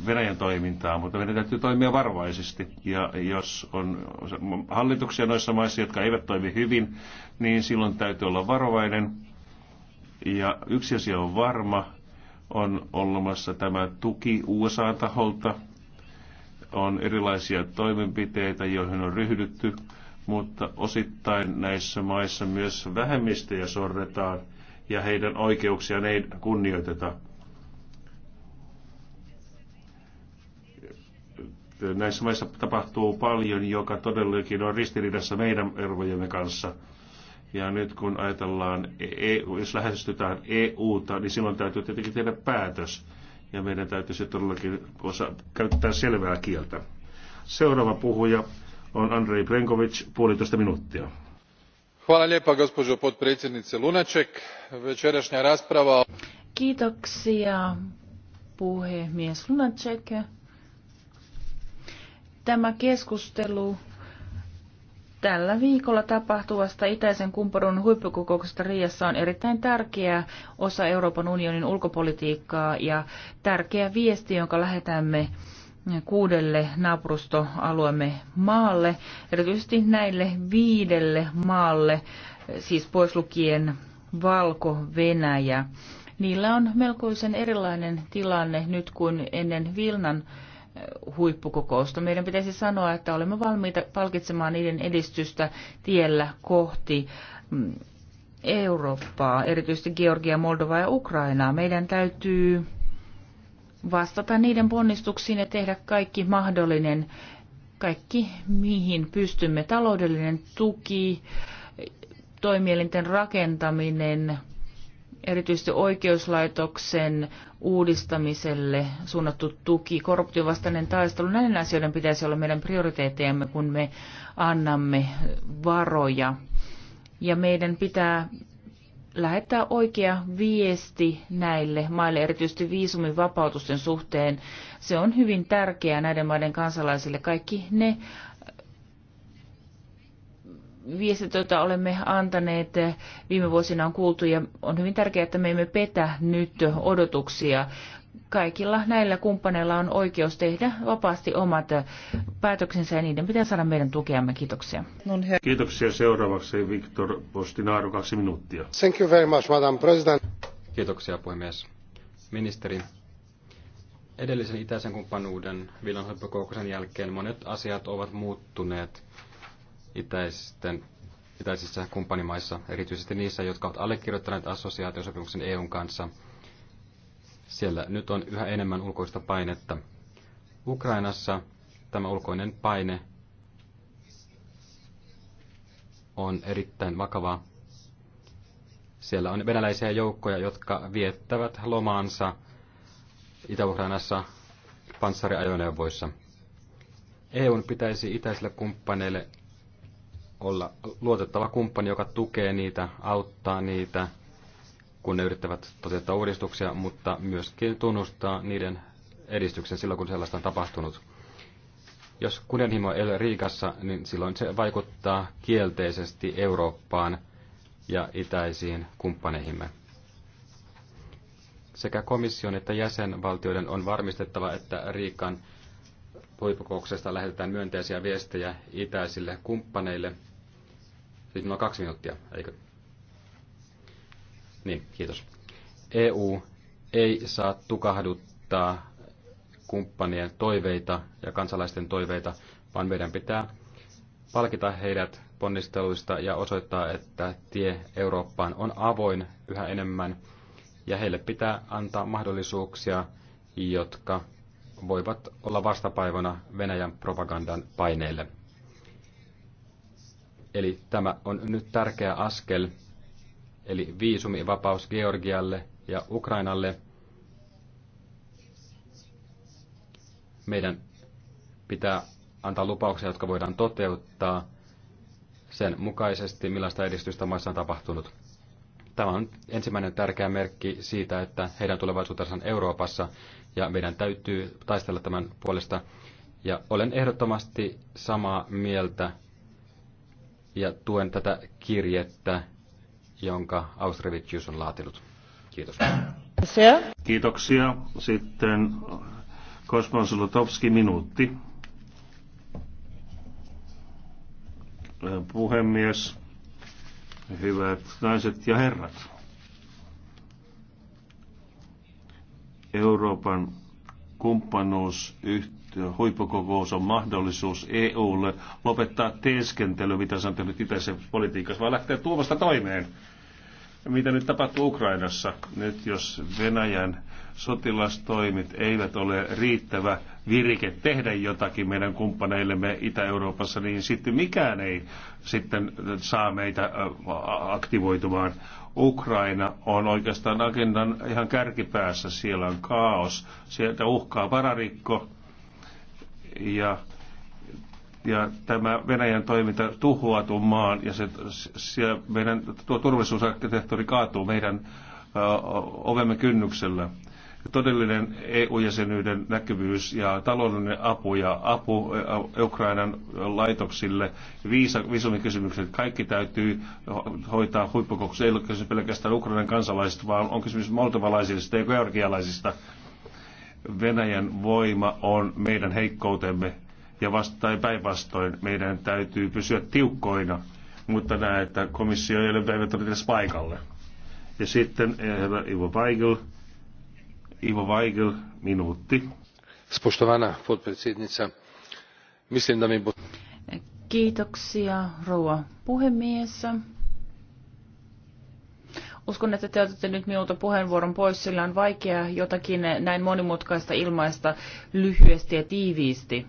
Venäjän toimintaa, mutta meidän täytyy toimia varvaisesti. Ja jos on hallituksia noissa maissa, jotka eivät toimi hyvin, niin silloin täytyy olla varovainen. Ja yksi asia on varma, on olemassa tämä tuki USA-taholta on erilaisia toimenpiteitä, joihin on ryhdytty, mutta osittain näissä maissa myös vähemmistöjä sorretaan ja heidän oikeuksiaan ei kunnioiteta. Näissä maissa tapahtuu paljon, joka todellakin on ristiriidassa meidän ervojemme kanssa. Ja nyt kun ajatellaan, e- e- jos lähestytään EUta, niin silloin täytyy tietenkin tehdä päätös ja meidän täytyisi todellakin osa, käyttää selvää kieltä. Seuraava puhuja on Andrei Plenkovic, puolitoista minuuttia. Hvala lijepa, gospođo podpredsjednice Lunaček. Večerašnja rasprava... Kiitoksia, puhemies Lunaček. Tämä keskustelu tällä viikolla tapahtuvasta itäisen kumppanuuden huippukokouksesta Riassa on erittäin tärkeä osa Euroopan unionin ulkopolitiikkaa ja tärkeä viesti, jonka lähetämme kuudelle naapurustoalueemme maalle, erityisesti näille viidelle maalle, siis pois lukien Valko-Venäjä. Niillä on melkoisen erilainen tilanne nyt kuin ennen Vilnan huippukokousta. Meidän pitäisi sanoa, että olemme valmiita palkitsemaan niiden edistystä tiellä kohti mm, Eurooppaa, erityisesti Georgia, Moldova ja Ukrainaa. Meidän täytyy vastata niiden ponnistuksiin ja tehdä kaikki mahdollinen, kaikki mihin pystymme. Taloudellinen tuki, toimielinten rakentaminen, erityisesti oikeuslaitoksen uudistamiselle suunnattu tuki, korruptiovastainen taistelu, näiden asioiden pitäisi olla meidän prioriteettejamme, kun me annamme varoja. Ja meidän pitää lähettää oikea viesti näille maille, erityisesti viisumivapautusten suhteen. Se on hyvin tärkeää näiden maiden kansalaisille. Kaikki ne viestit, joita olemme antaneet eh, viime vuosina on kuultu ja on hyvin tärkeää, että me emme petä nyt odotuksia. Kaikilla näillä kumppaneilla on oikeus tehdä vapaasti omat eh, päätöksensä ja niiden pitää saada meidän tukeamme. Kiitoksia. Kiitoksia. Seuraavaksi Viktor Postinaaro, kaksi minuuttia. Thank you very much, Madam President. Kiitoksia puhemies. Ministeri, edellisen itäisen kumppanuuden Villan jälkeen monet asiat ovat muuttuneet – itäisten, itäisissä kumppanimaissa, erityisesti niissä, jotka ovat allekirjoittaneet assosiaatiosopimuksen EUn kanssa. Siellä nyt on yhä enemmän ulkoista painetta. Ukrainassa tämä ulkoinen paine on erittäin vakavaa. Siellä on venäläisiä joukkoja, jotka viettävät lomaansa Itä-Ukrainassa panssariajoneuvoissa. EUn pitäisi itäisille kumppaneille olla luotettava kumppani, joka tukee niitä, auttaa niitä, kun ne yrittävät toteuttaa uudistuksia, mutta myöskin tunnustaa niiden edistyksen silloin, kun sellaista on tapahtunut. Jos kunnianhimo ei ole riikassa, niin silloin se vaikuttaa kielteisesti Eurooppaan ja itäisiin kumppaneihimme. Sekä komission että jäsenvaltioiden on varmistettava, että Riikan huippukouksesta lähetetään myönteisiä viestejä itäisille kumppaneille – Siis minulla on kaksi minuuttia, eikö? Niin, kiitos. EU ei saa tukahduttaa kumppanien toiveita ja kansalaisten toiveita, vaan meidän pitää palkita heidät ponnisteluista ja osoittaa, että tie Eurooppaan on avoin yhä enemmän ja heille pitää antaa mahdollisuuksia, jotka voivat olla vastapaivona Venäjän propagandan paineille. Eli tämä on nyt tärkeä askel, eli viisumivapaus Georgialle ja Ukrainalle. Meidän pitää antaa lupauksia, jotka voidaan toteuttaa sen mukaisesti, millaista edistystä maissa on tapahtunut. Tämä on ensimmäinen tärkeä merkki siitä, että heidän tulevaisuutensa on Euroopassa ja meidän täytyy taistella tämän puolesta. Ja olen ehdottomasti samaa mieltä ja tuen tätä kirjettä, jonka Austrevicius on laatinut. Kiitos. Kiitoksia. Sitten Kosmos Lutovski, minuutti. Puhemies, hyvät naiset ja herrat. Euroopan kumppanuusyhteistyö huippukokous on mahdollisuus EUlle lopettaa teeskentely, mitä se on tehnyt itäisessä politiikassa, vaan lähteä tuomasta toimeen. Mitä nyt tapahtuu Ukrainassa? Nyt jos Venäjän sotilastoimit eivät ole riittävä virike tehdä jotakin meidän kumppaneillemme Itä-Euroopassa, niin sitten mikään ei sitten saa meitä aktivoitumaan. Ukraina on oikeastaan agendan ihan kärkipäässä. Siellä on kaos, sieltä uhkaa vararikko, ja, ja tämä Venäjän toiminta tuhoaa tuon maan ja se, se meidän tuo turvallisuusarkkitehtori kaatuu meidän ovemme kynnyksellä. Todellinen EU-jäsenyyden näkyvyys ja taloudellinen apu ja apu Ukrainan laitoksille, viisa, viisumikysymykset, kaikki täytyy hoitaa huippukokouksessa. Ei ole kysymys pelkästään Ukrainan kansalaisista, vaan on kysymys moldovalaisista ja georgialaisista Venäjän voima on meidän heikkoutemme ja vastain päinvastoin meidän täytyy pysyä tiukkoina, mutta näen, että komissio ei ole päivättänyt edes paikalle. Ja sitten eh, herra Ivo Weigel, Ivo Weigel, minuutti. Spoštovana podpredsednica, mislim da mi... Kiitoksia, rouva puhemies. Uskon, että te otatte nyt minulta puheenvuoron pois, sillä on vaikea jotakin näin monimutkaista ilmaista lyhyesti ja tiiviisti.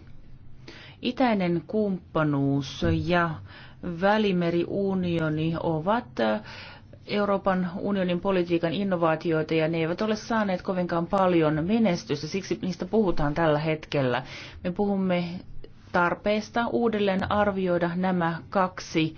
Itäinen kumppanuus ja välimeriunioni ovat Euroopan unionin politiikan innovaatioita ja ne eivät ole saaneet kovinkaan paljon menestystä, siksi niistä puhutaan tällä hetkellä. Me puhumme tarpeesta uudelleen arvioida nämä kaksi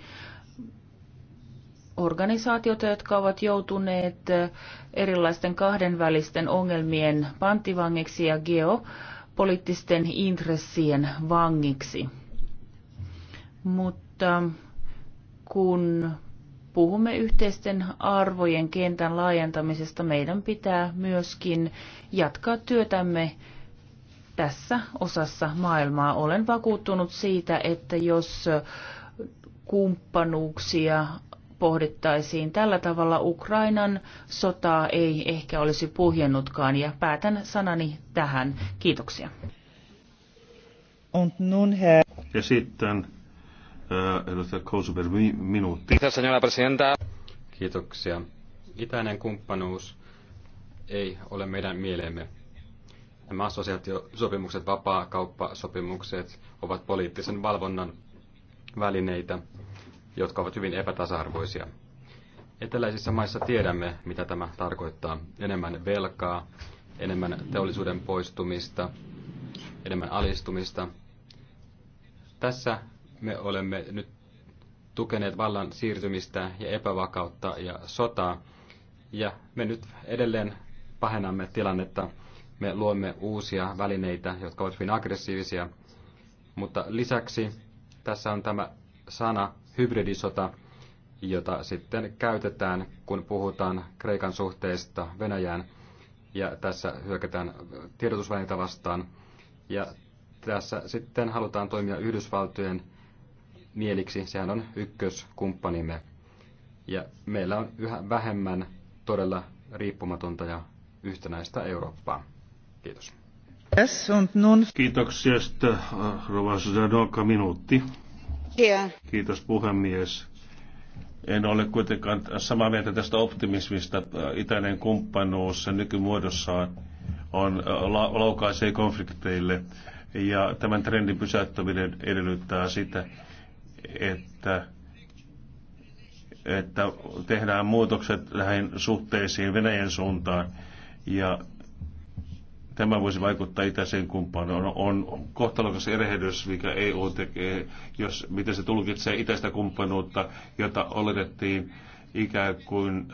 organisaatiota, jotka ovat joutuneet eh, erilaisten kahdenvälisten ongelmien panttivangiksi ja geopoliittisten intressien vangiksi. Mutta kun puhumme yhteisten arvojen kentän laajentamisesta, meidän pitää myöskin jatkaa työtämme tässä osassa maailmaa. Olen vakuuttunut siitä, että jos kumppanuuksia pohdittaisiin. Tällä tavalla Ukrainan sotaa ei ehkä olisi puhjennutkaan ja päätän sanani tähän. Kiitoksia. Ja sitten edustaja Kousuber, minuutti. Kiitoksia. Itäinen kumppanuus ei ole meidän mieleemme. Nämä assosiaatiosopimukset, vapaa-kauppasopimukset ovat poliittisen valvonnan välineitä jotka ovat hyvin epätasa-arvoisia. Eteläisissä maissa tiedämme, mitä tämä tarkoittaa. Enemmän velkaa, enemmän teollisuuden poistumista, enemmän alistumista. Tässä me olemme nyt tukeneet vallan siirtymistä ja epävakautta ja sotaa. Ja me nyt edelleen pahennamme tilannetta. Me luomme uusia välineitä, jotka ovat hyvin aggressiivisia. Mutta lisäksi tässä on tämä sana hybridisota, jota sitten käytetään, kun puhutaan Kreikan suhteista Venäjään. Ja tässä hyökätään tiedotusvälineitä vastaan. Ja tässä sitten halutaan toimia Yhdysvaltojen mieliksi. Sehän on ykköskumppanimme. Ja meillä on yhä vähemmän todella riippumatonta ja yhtenäistä Eurooppaa. Kiitos. Kiitoksia. Sitten äh, Rova minuutti. Yeah. Kiitos puhemies. En ole kuitenkaan samaa mieltä tästä optimismista. Itäinen kumppanuus sen nykymuodossaan on la, laukaisee konflikteille ja tämän trendin pysäyttäminen edellyttää sitä, että että tehdään muutokset lähin suhteisiin Venäjän suuntaan ja tämä voisi vaikuttaa itäiseen kumppanuun. On, on, kohtalokas erehdys, mikä EU tekee, jos, miten se tulkitsee itäistä kumppanuutta, jota oletettiin ikään kuin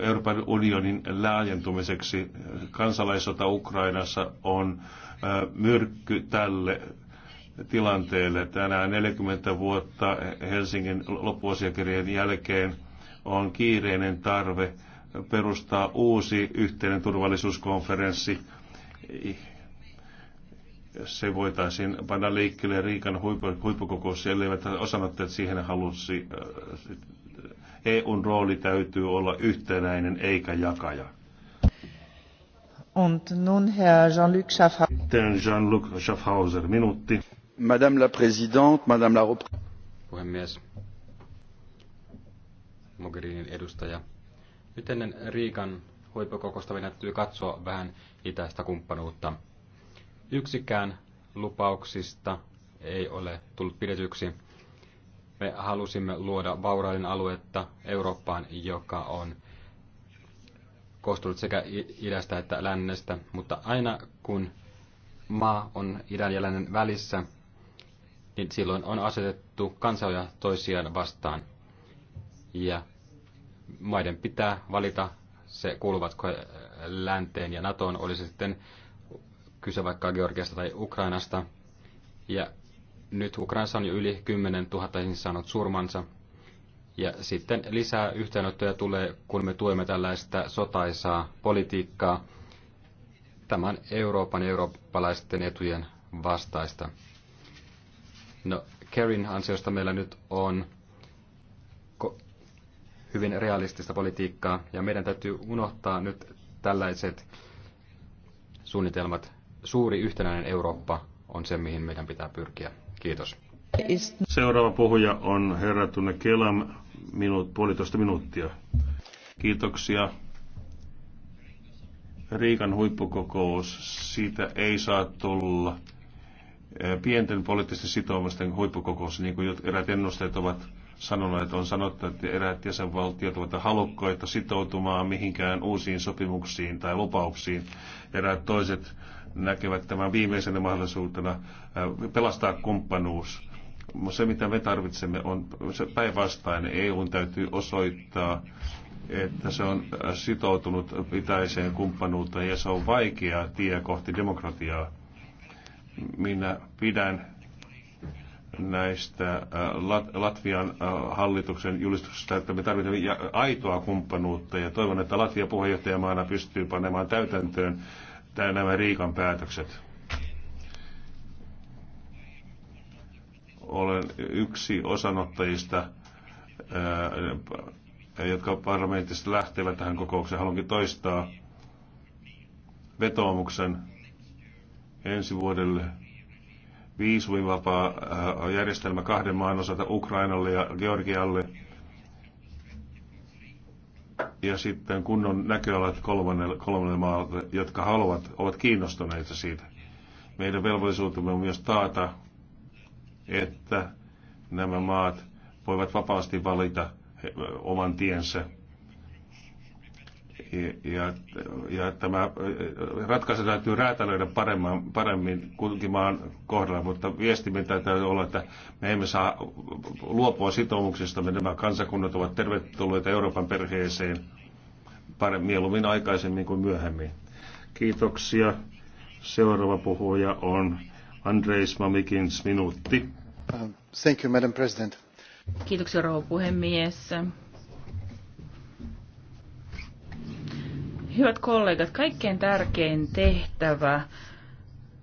Euroopan unionin laajentumiseksi. Kansalaisota Ukrainassa on myrkky tälle tilanteelle. Tänään 40 vuotta Helsingin loppuosiakirjan jälkeen on kiireinen tarve – perustaa uusi yhteinen turvallisuuskonferenssi. Se voitaisiin panna liikkeelle Riikan huippukokous, elleivät osanottajat siihen halusi. Äh, EUn rooli täytyy olla yhtenäinen eikä jakaja. Und nun Herr Jean-Luc Schaffhauser. Jean-Luc Schaffhauser, minuutti. Madame la Présidente, Madame la Puhemies, Mogherinin edustaja, nyt ennen Riikan huippukokousta meidän täytyy katsoa vähän itäistä kumppanuutta. Yksikään lupauksista ei ole tullut pidetyksi. Me halusimme luoda vauraiden aluetta Eurooppaan, joka on koostunut sekä idästä että lännestä, mutta aina kun maa on idän ja lännen välissä, niin silloin on asetettu kansoja toisiaan vastaan. Ja maiden pitää valita se, kuuluvatko länteen ja NATOon, se sitten kyse vaikka Georgiasta tai Ukrainasta. Ja nyt Ukrainassa on jo yli 10 000 ihmistä saanut surmansa. Ja sitten lisää yhteenottoja tulee, kun me tuemme tällaista sotaisaa politiikkaa. Tämän Euroopan eurooppalaisten etujen vastaista. No, Kerin ansiosta meillä nyt on hyvin realistista politiikkaa ja meidän täytyy unohtaa nyt tällaiset suunnitelmat. Suuri yhtenäinen Eurooppa on se, mihin meidän pitää pyrkiä. Kiitos. Seuraava puhuja on herra Tunne Kelam, minuut, puolitoista minuuttia. Kiitoksia. Riikan huippukokous, siitä ei saa tulla pienten poliittisten sitoumusten huippukokous, niin kuin eräät ennusteet ovat että on sanottu, että eräät jäsenvaltiot ovat halukkoita sitoutumaan mihinkään uusiin sopimuksiin tai lupauksiin. Eräät toiset näkevät tämän viimeisenä mahdollisuutena äh, pelastaa kumppanuus. Se, mitä me tarvitsemme, on se päinvastainen. EUn täytyy osoittaa, että se on äh, sitoutunut itäiseen kumppanuuteen ja se on vaikea tie kohti demokratiaa. Minä pidän näistä äh, Latvian äh, hallituksen julistuksista, että me tarvitsemme aitoa kumppanuutta ja toivon, että Latvia puheenjohtajamaana pystyy panemaan täytäntöön nämä Riikan päätökset. Olen yksi osanottajista, äh, jotka parlamentista lähtevät tähän kokoukseen. Haluankin toistaa vetoomuksen ensi vuodelle – viisumivapaa äh, järjestelmä kahden maan osalta Ukrainalle ja Georgialle ja sitten kunnon näköalat kolmannelle, kolmannelle maalle, jotka haluavat, ovat kiinnostuneita siitä. Meidän velvollisuutemme on myös taata, että nämä maat voivat vapaasti valita oman tiensä ja, ja tämä äh, ratkaisu täytyy räätälöidä paremmin, paremmin kunkin maan kohdalla, mutta mitä täytyy olla, että me emme saa luopua sitoumuksista. Nämä kansakunnat ovat tervetulleita Euroopan perheeseen paremmin, mieluummin aikaisemmin kuin myöhemmin. Kiitoksia. Seuraava puhuja on Andreis Mamikins minuutti. Thank you, Madam President. Kiitoksia, rouva puhemies. Hyvät kollegat, kaikkein tärkein tehtävä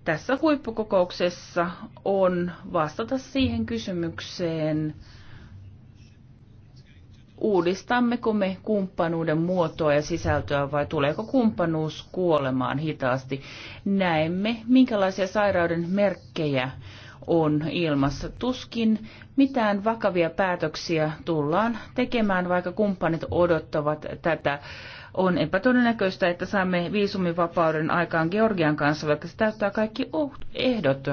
tässä huippukokouksessa on vastata siihen kysymykseen, uudistammeko me kumppanuuden muotoa ja sisältöä vai tuleeko kumppanuus kuolemaan hitaasti. Näemme, minkälaisia sairauden merkkejä on ilmassa. Tuskin mitään vakavia päätöksiä tullaan tekemään, vaikka kumppanit odottavat tätä. On epätodennäköistä, että saamme viisumivapauden aikaan Georgian kanssa, vaikka se täyttää kaikki ehdot.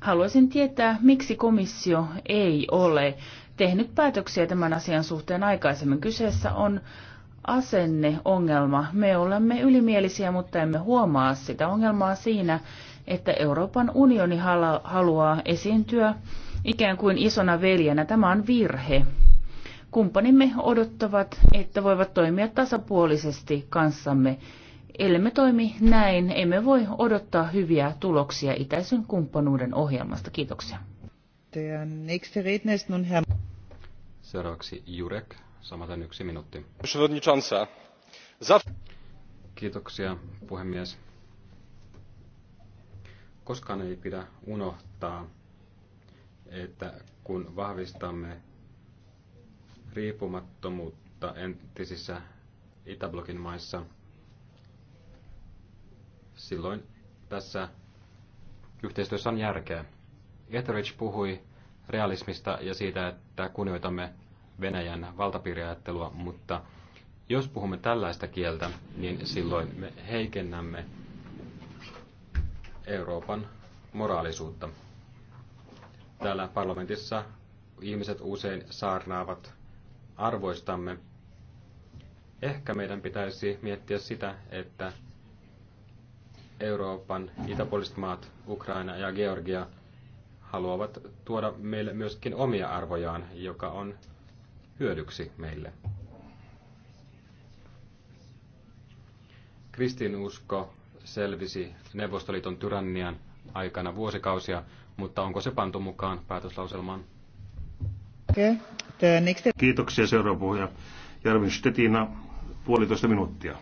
Haluaisin tietää, miksi komissio ei ole tehnyt päätöksiä tämän asian suhteen aikaisemmin. Kyseessä on asenneongelma. Me olemme ylimielisiä, mutta emme huomaa sitä ongelmaa siinä, että Euroopan unioni haluaa esiintyä ikään kuin isona veljenä. Tämä on virhe. Kumppanimme odottavat, että voivat toimia tasapuolisesti kanssamme. Ellemme toimi näin, emme voi odottaa hyviä tuloksia itäisen kumppanuuden ohjelmasta. Kiitoksia. Seuraavaksi Jurek, samaten yksi minuutti. Kiitoksia, puhemies. Koskaan ei pidä unohtaa, että kun vahvistamme riippumattomuutta entisissä Itäblokin maissa, silloin tässä yhteistyössä on järkeä. Etheridge puhui realismista ja siitä, että kunnioitamme Venäjän valtapiiriajattelua, mutta jos puhumme tällaista kieltä, niin silloin me heikennämme Euroopan moraalisuutta. Täällä parlamentissa ihmiset usein saarnaavat arvoistamme. Ehkä meidän pitäisi miettiä sitä, että Euroopan itäpuoliset maat, Ukraina ja Georgia, haluavat tuoda meille myöskin omia arvojaan, joka on hyödyksi meille. Kristinusko selvisi Neuvostoliiton tyrannian aikana vuosikausia, mutta onko se pantu mukaan päätöslauselmaan? Kiitoksia seuraava puhuja. Järvin Stetina, puolitoista minuuttia.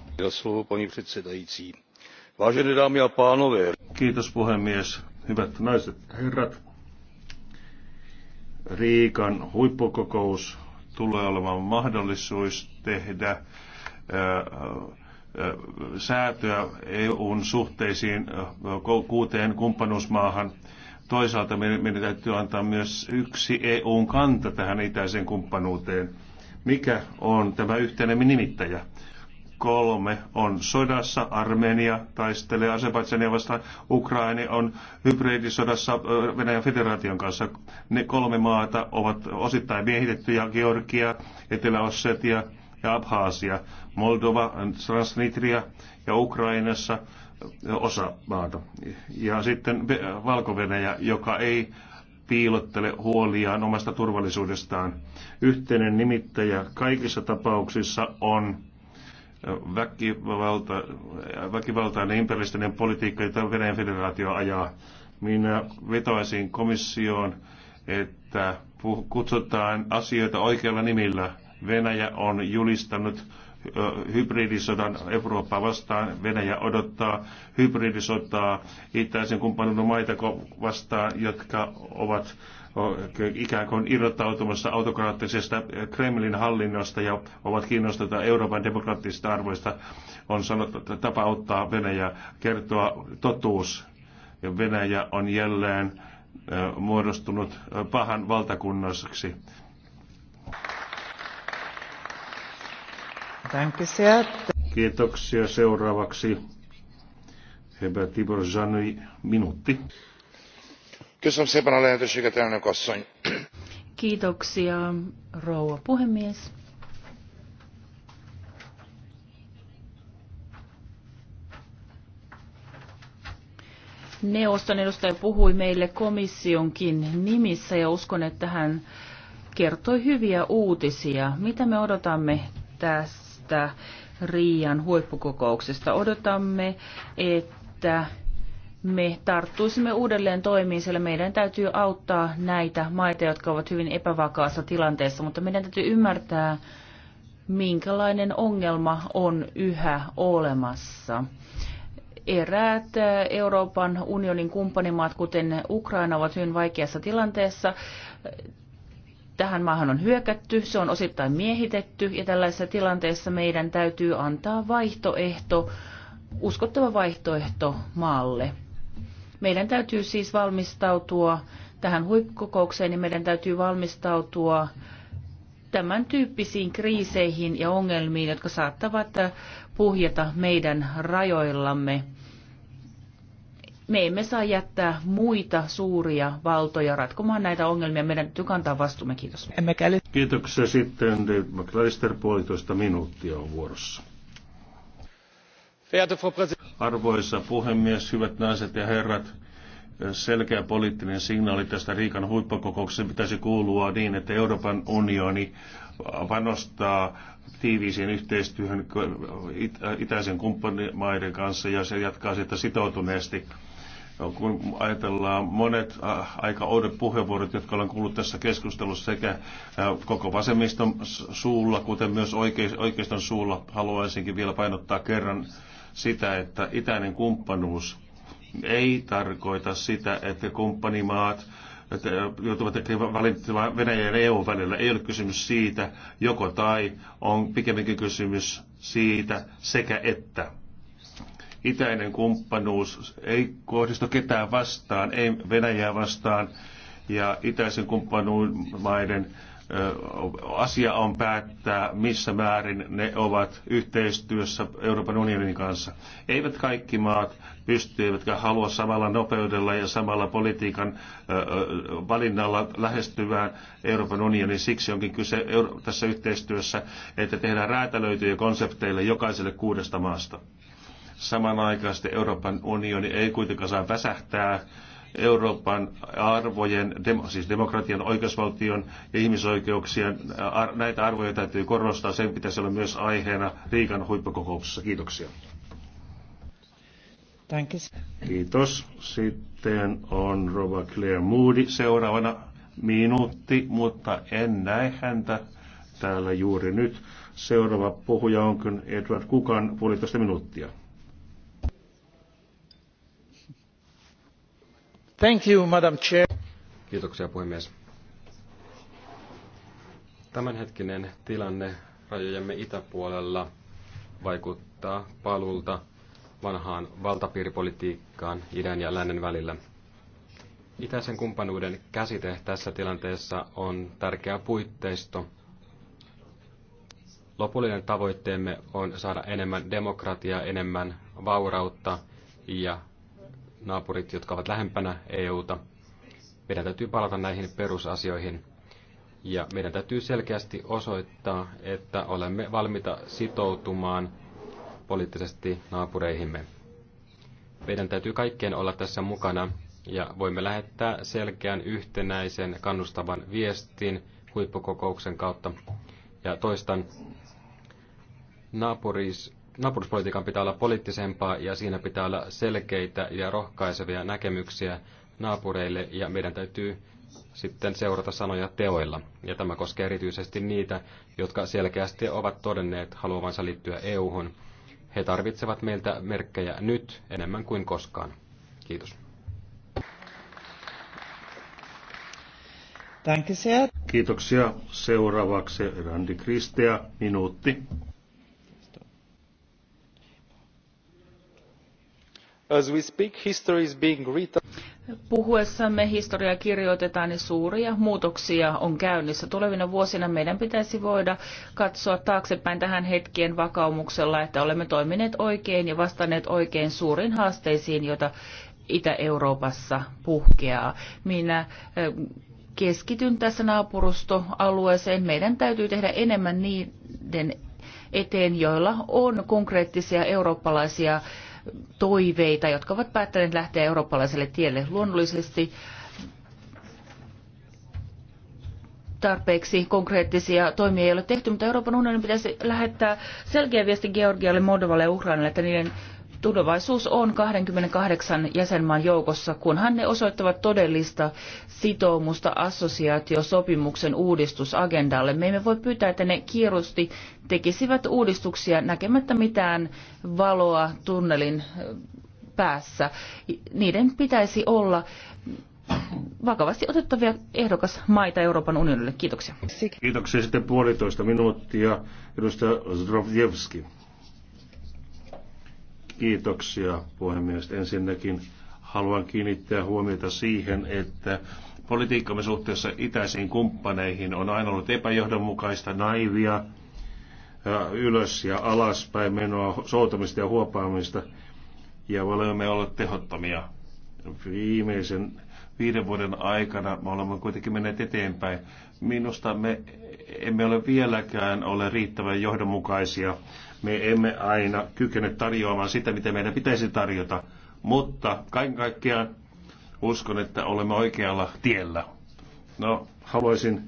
Kiitos puhemies. Hyvät naiset herrat. Riikan huippukokous tulee olemaan mahdollisuus tehdä äh, säätöä EUn suhteisiin kuuteen kumppanuusmaahan. Toisaalta meidän täytyy antaa myös yksi EUn kanta tähän itäiseen kumppanuuteen. Mikä on tämä yhteinen nimittäjä? kolme on sodassa, Armenia taistelee Azerbaidsania vastaan, Ukraina on hybridisodassa Venäjän federaation kanssa. Ne kolme maata ovat osittain miehitettyjä, Georgia, Etelä-Ossetia ja Abhaasia, Moldova, Transnistria ja Ukrainassa osa maata. Ja sitten valko joka ei piilottele huoliaan omasta turvallisuudestaan. Yhteinen nimittäjä kaikissa tapauksissa on väkivalta, väkivaltainen imperialistinen politiikka, jota Venäjän federaatio ajaa. Minä vetoaisin komissioon, että kutsutaan asioita oikeilla nimillä Venäjä on julistanut hybridisodan Eurooppaa vastaan. Venäjä odottaa hybridisotaa itäisen kumppanin maita vastaan, jotka ovat ikään kuin irrottautumassa autokraattisesta Kremlin hallinnosta ja ovat kiinnostuneita Euroopan demokraattisista arvoista, on sanottu, että tapa auttaa Venäjä kertoa totuus. Ja Venäjä on jälleen muodostunut pahan valtakunnaksi. Kiitoksia. Seuraavaksi Heber Tibor Zsanyi, minuutti. Kiitoksia, rouva puhemies. Neuvoston edustaja puhui meille komissionkin nimissä ja uskon, että hän kertoi hyviä uutisia. Mitä me odotamme tässä? tästä Riian huippukokouksesta. Odotamme, että me tarttuisimme uudelleen toimiin, sillä meidän täytyy auttaa näitä maita, jotka ovat hyvin epävakaassa tilanteessa, mutta meidän täytyy ymmärtää, minkälainen ongelma on yhä olemassa. Eräät Euroopan unionin kumppanimaat, kuten Ukraina, ovat hyvin vaikeassa tilanteessa tähän maahan on hyökätty, se on osittain miehitetty ja tällaisessa tilanteessa meidän täytyy antaa vaihtoehto, uskottava vaihtoehto maalle. Meidän täytyy siis valmistautua tähän huippukokoukseen ja meidän täytyy valmistautua tämän tyyppisiin kriiseihin ja ongelmiin, jotka saattavat puhjeta meidän rajoillamme me emme saa jättää muita suuria valtoja ratkomaan näitä ongelmia. Meidän täytyy kantaa vastuumme. Kiitos. Kiitoksia. Sitten David McLeister, puolitoista minuuttia on vuorossa. Arvoisa puhemies, hyvät naiset ja herrat, selkeä poliittinen signaali tästä Riikan huippukokouksesta pitäisi kuulua niin, että Euroopan unioni panostaa tiiviiseen yhteistyöhön itäisen kumppanimaiden kanssa ja se jatkaa sitä sitoutuneesti. No, kun ajatellaan monet äh, aika oudet puheenvuorot, jotka olen kuullut tässä keskustelussa sekä äh, koko vasemmiston suulla, kuten myös oikeiston suulla, haluaisinkin vielä painottaa kerran sitä, että itäinen kumppanuus ei tarkoita sitä, että kumppanimaat äh, joutuvat tekemään valintaa Venäjän ja EUn välillä. Ei ole kysymys siitä joko tai, on pikemminkin kysymys siitä sekä että. Itäinen kumppanuus ei kohdistu ketään vastaan, ei Venäjää vastaan, ja itäisen maiden asia on päättää, missä määrin ne ovat yhteistyössä Euroopan unionin kanssa. Eivät kaikki maat pysty, eivätkä halua samalla nopeudella ja samalla politiikan valinnalla lähestyvään Euroopan unionin. Siksi onkin kyse tässä yhteistyössä, että tehdään räätälöityjä konsepteille jokaiselle kuudesta maasta. Samanaikaisesti Euroopan unioni ei kuitenkaan saa väsähtää Euroopan arvojen, siis demokratian, oikeusvaltion ja ihmisoikeuksien, näitä arvoja täytyy korostaa. Sen pitäisi olla myös aiheena Riikan huippukokouksessa. Kiitoksia. Kiitos. Kiitos. Sitten on Rova Claire Moody seuraavana minuutti, mutta en näe häntä täällä juuri nyt. Seuraava puhuja onkin Edward Kukan puolitoista minuuttia. Thank you, Madam Chair. Kiitoksia puhemies. Tämänhetkinen tilanne rajojemme itäpuolella vaikuttaa palulta vanhaan valtapiiripolitiikkaan idän ja lännen välillä. Itäisen kumppanuuden käsite tässä tilanteessa on tärkeä puitteisto. Lopullinen tavoitteemme on saada enemmän demokratiaa, enemmän vaurautta ja naapurit, jotka ovat lähempänä EUta. Meidän täytyy palata näihin perusasioihin. Ja meidän täytyy selkeästi osoittaa, että olemme valmiita sitoutumaan poliittisesti naapureihimme. Meidän täytyy kaikkien olla tässä mukana ja voimme lähettää selkeän yhtenäisen kannustavan viestin huippukokouksen kautta. Ja toistan, naapuris, naapuruspolitiikan pitää olla poliittisempaa ja siinä pitää olla selkeitä ja rohkaisevia näkemyksiä naapureille ja meidän täytyy sitten seurata sanoja teoilla. Ja tämä koskee erityisesti niitä, jotka selkeästi ovat todenneet haluavansa liittyä EU-hun. He tarvitsevat meiltä merkkejä nyt enemmän kuin koskaan. Kiitos. Kiitoksia. Seuraavaksi Randi Kristea, minuutti. Puhuessamme historiaa kirjoitetaan ja suuria muutoksia on käynnissä. Tulevina vuosina meidän pitäisi voida katsoa taaksepäin tähän hetkien vakaumuksella, että olemme toimineet oikein ja vastanneet oikein suuriin haasteisiin, joita Itä-Euroopassa puhkeaa. Minä eh, keskityn tässä naapurustoalueeseen. Meidän täytyy tehdä enemmän niiden eteen, joilla on konkreettisia eurooppalaisia toiveita, jotka ovat päättäneet lähteä eurooppalaiselle tielle luonnollisesti tarpeeksi konkreettisia toimia ei ole tehty, mutta Euroopan unionin pitäisi lähettää selkeä viesti Georgialle, Moldovalle ja Ukrainalle, että niiden Tulevaisuus on 28 jäsenmaan joukossa, kunhan ne osoittavat todellista sitoumusta assosiaatiosopimuksen uudistusagendalle. Me emme voi pyytää, että ne kierrosti tekisivät uudistuksia näkemättä mitään valoa tunnelin päässä. Niiden pitäisi olla vakavasti otettavia ehdokasmaita Euroopan unionille. Kiitoksia. Kiitoksia sitten puolitoista minuuttia. Edustaja Zdrovjevski. Kiitoksia puhemies. Ensinnäkin haluan kiinnittää huomiota siihen, että politiikkamme suhteessa itäisiin kumppaneihin on aina ollut epäjohdonmukaista, naivia, ylös ja alaspäin menoa, soutamista ja huopaamista, ja olemme olleet tehottomia. Viimeisen viiden vuoden aikana me olemme kuitenkin menneet eteenpäin. Minusta me emme ole vieläkään ole riittävän johdonmukaisia. Me emme aina kykene tarjoamaan sitä, mitä meidän pitäisi tarjota. Mutta kaiken kaikkiaan uskon, että olemme oikealla tiellä. No, haluaisin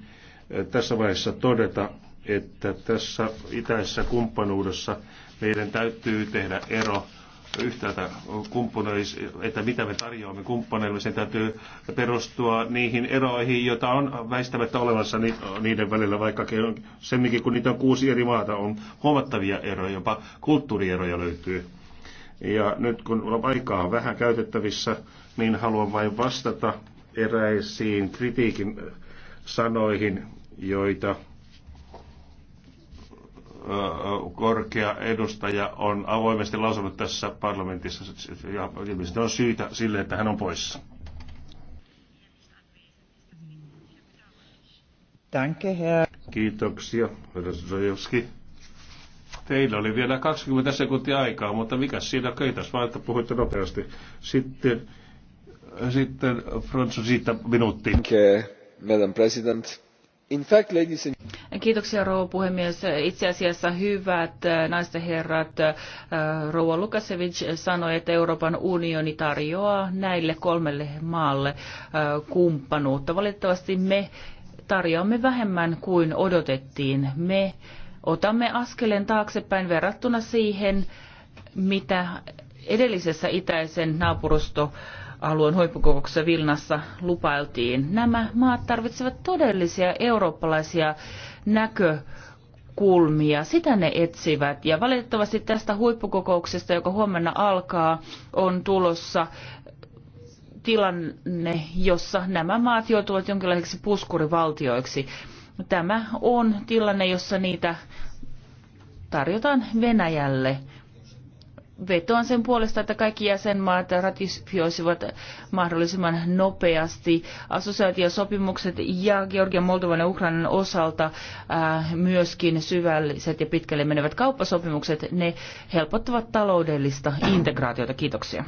eh, tässä vaiheessa todeta, että tässä itäisessä kumppanuudessa meidän täytyy tehdä ero yhtäältä kumppaneille, että mitä me tarjoamme kumppaneille, sen täytyy perustua niihin eroihin, joita on väistämättä olemassa niiden välillä, vaikka semminkin kun niitä on kuusi eri maata, on huomattavia eroja, jopa kulttuurieroja löytyy. Ja nyt kun aikaa on vähän käytettävissä, niin haluan vain vastata eräisiin kritiikin sanoihin, joita korkea edustaja on avoimesti lausunut tässä parlamentissa ja ilmeisesti on syytä sille, että hän on poissa. Danke, Herr. Kiitoksia, herra Zajewski. Teillä oli vielä 20 sekuntia aikaa, mutta mikä siinä köitäs vaan, että puhuitte nopeasti. Sitten, sitten Fransu siitä minuuttiin. Okay, Madam President. In fact, ladies Kiitoksia rouva puhemies. Itse asiassa hyvät äh, naisten herrat, äh, rouva Lukasevic sanoi, että Euroopan unioni tarjoaa näille kolmelle maalle äh, kumppanuutta. Valitettavasti me tarjoamme vähemmän kuin odotettiin. Me otamme askeleen taaksepäin verrattuna siihen, mitä edellisessä itäisen naapurusto alueen huippukokouksessa Vilnassa lupailtiin. Nämä maat tarvitsevat todellisia eurooppalaisia näkökulmia. Sitä ne etsivät. Ja valitettavasti tästä huippukokouksesta, joka huomenna alkaa, on tulossa tilanne, jossa nämä maat joutuvat jonkinlaiseksi puskurivaltioiksi. Tämä on tilanne, jossa niitä tarjotaan Venäjälle vetoan sen puolesta, että kaikki jäsenmaat ratifioisivat mahdollisimman nopeasti assosiaatiosopimukset ja Georgian, Moldovan ja Ukrainan osalta äh, myöskin syvälliset ja pitkälle menevät kauppasopimukset. Ne helpottavat taloudellista integraatiota. Kiitoksia.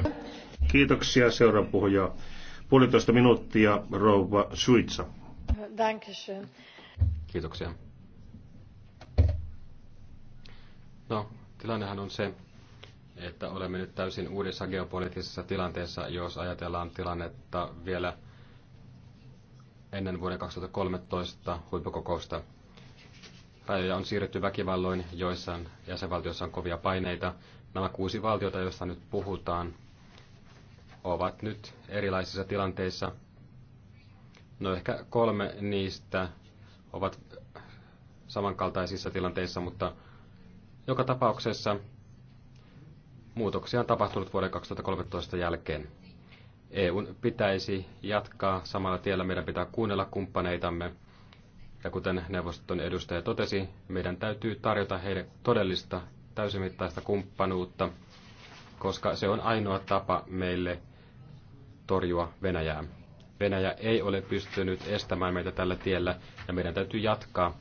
Kiitoksia. Seuraava puhuja. Puolitoista minuuttia, rouva Suitsa. Kiitoksia. No, tilannehan on se, että olemme nyt täysin uudessa geopoliittisessa tilanteessa, jos ajatellaan tilannetta vielä ennen vuoden 2013 huippukokousta. Rajoja on siirretty väkivalloin, joissain jäsenvaltioissa on kovia paineita. Nämä kuusi valtiota, joista nyt puhutaan, ovat nyt erilaisissa tilanteissa. No ehkä kolme niistä ovat samankaltaisissa tilanteissa, mutta joka tapauksessa Muutoksia on tapahtunut vuoden 2013 jälkeen. EU pitäisi jatkaa samalla tiellä. Meidän pitää kuunnella kumppaneitamme. Ja kuten neuvoston edustaja totesi, meidän täytyy tarjota heille todellista täysimittaista kumppanuutta, koska se on ainoa tapa meille torjua Venäjää. Venäjä ei ole pystynyt estämään meitä tällä tiellä ja meidän täytyy jatkaa.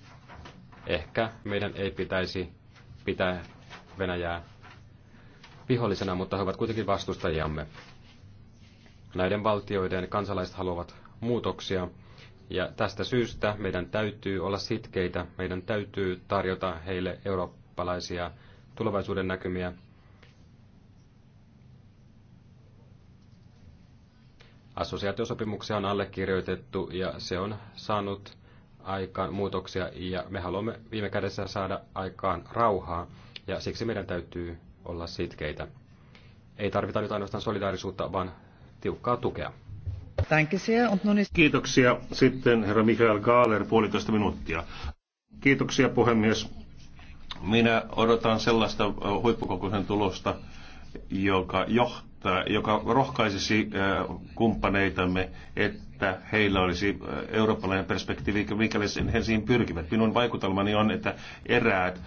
Ehkä meidän ei pitäisi pitää Venäjää vihollisena, mutta he ovat kuitenkin vastustajiamme. Näiden valtioiden kansalaiset haluavat muutoksia, ja tästä syystä meidän täytyy olla sitkeitä, meidän täytyy tarjota heille eurooppalaisia tulevaisuuden näkymiä. Assosiaatiosopimuksia on allekirjoitettu ja se on saanut aikaan muutoksia ja me haluamme viime kädessä saada aikaan rauhaa ja siksi meidän täytyy olla sitkeitä. Ei tarvita nyt ainoastaan solidaarisuutta, vaan tiukkaa tukea. Kiitoksia. Sitten herra Mikael Gaaler, puolitoista minuuttia. Kiitoksia puhemies. Minä odotan sellaista huippukokouksen tulosta, joka johtaa, joka rohkaisisi kumppaneitamme, että että heillä olisi äh, eurooppalainen perspektiivi, mikäli Helsingin pyrkivät. Minun vaikutelmani on, että eräät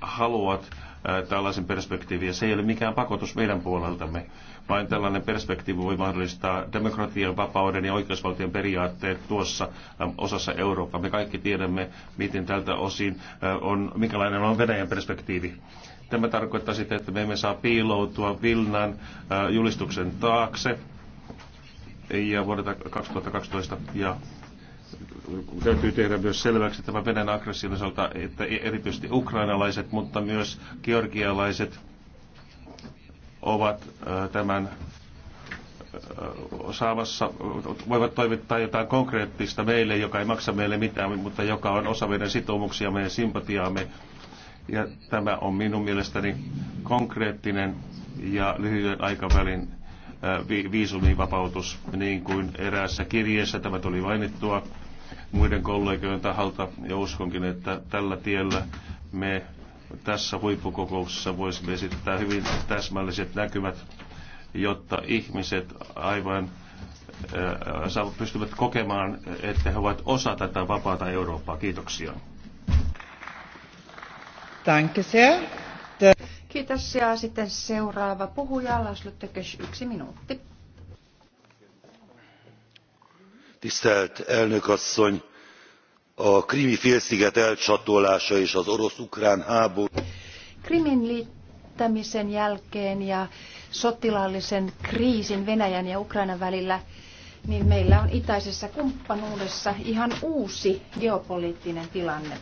haluavat äh, tällaisen perspektiivin, ja se ei ole mikään pakotus meidän puoleltamme, vaan tällainen perspektiivi voi mahdollistaa demokratian, vapauden ja oikeusvaltion periaatteet tuossa ähm, osassa Eurooppaa. Me kaikki tiedämme, miten tältä osin äh, on, mikälainen on Venäjän perspektiivi. Tämä tarkoittaa sitä, että me emme saa piiloutua Vilnan julistuksen taakse, ja vuodelta 2012. Ja täytyy tehdä myös selväksi tämä Venäjän aggression että e- erityisesti ukrainalaiset, mutta myös georgialaiset ovat tämän saamassa, voivat toimittaa jotain konkreettista meille, joka ei maksa meille mitään, mutta joka on osa meidän sitoumuksia, meidän sympatiaamme. Ja tämä on minun mielestäni konkreettinen ja lyhyen aikavälin viisumivapautus, niin kuin eräässä kirjeessä tämä tuli mainittua muiden kollegojen taholta, ja uskonkin, että tällä tiellä me tässä huippukokouksessa voisimme esittää hyvin täsmälliset näkymät, jotta ihmiset aivan pystyvät kokemaan, että he ovat osa tätä vapaata Eurooppaa. Kiitoksia. Danke sehr. Kiitos ja sitten seuraava puhuja, Laszlo Tökös, yksi minuutti. Tisztelt elnök asszony, a krimi félsziget elcsatolása és az orosz-ukrán háború. Krimin liittämisen jälkeen ja sotilaallisen kriisin Venäjän ja Ukrainan välillä, niin meillä on itäisessä kumppanuudessa ihan uusi geopoliittinen tilanne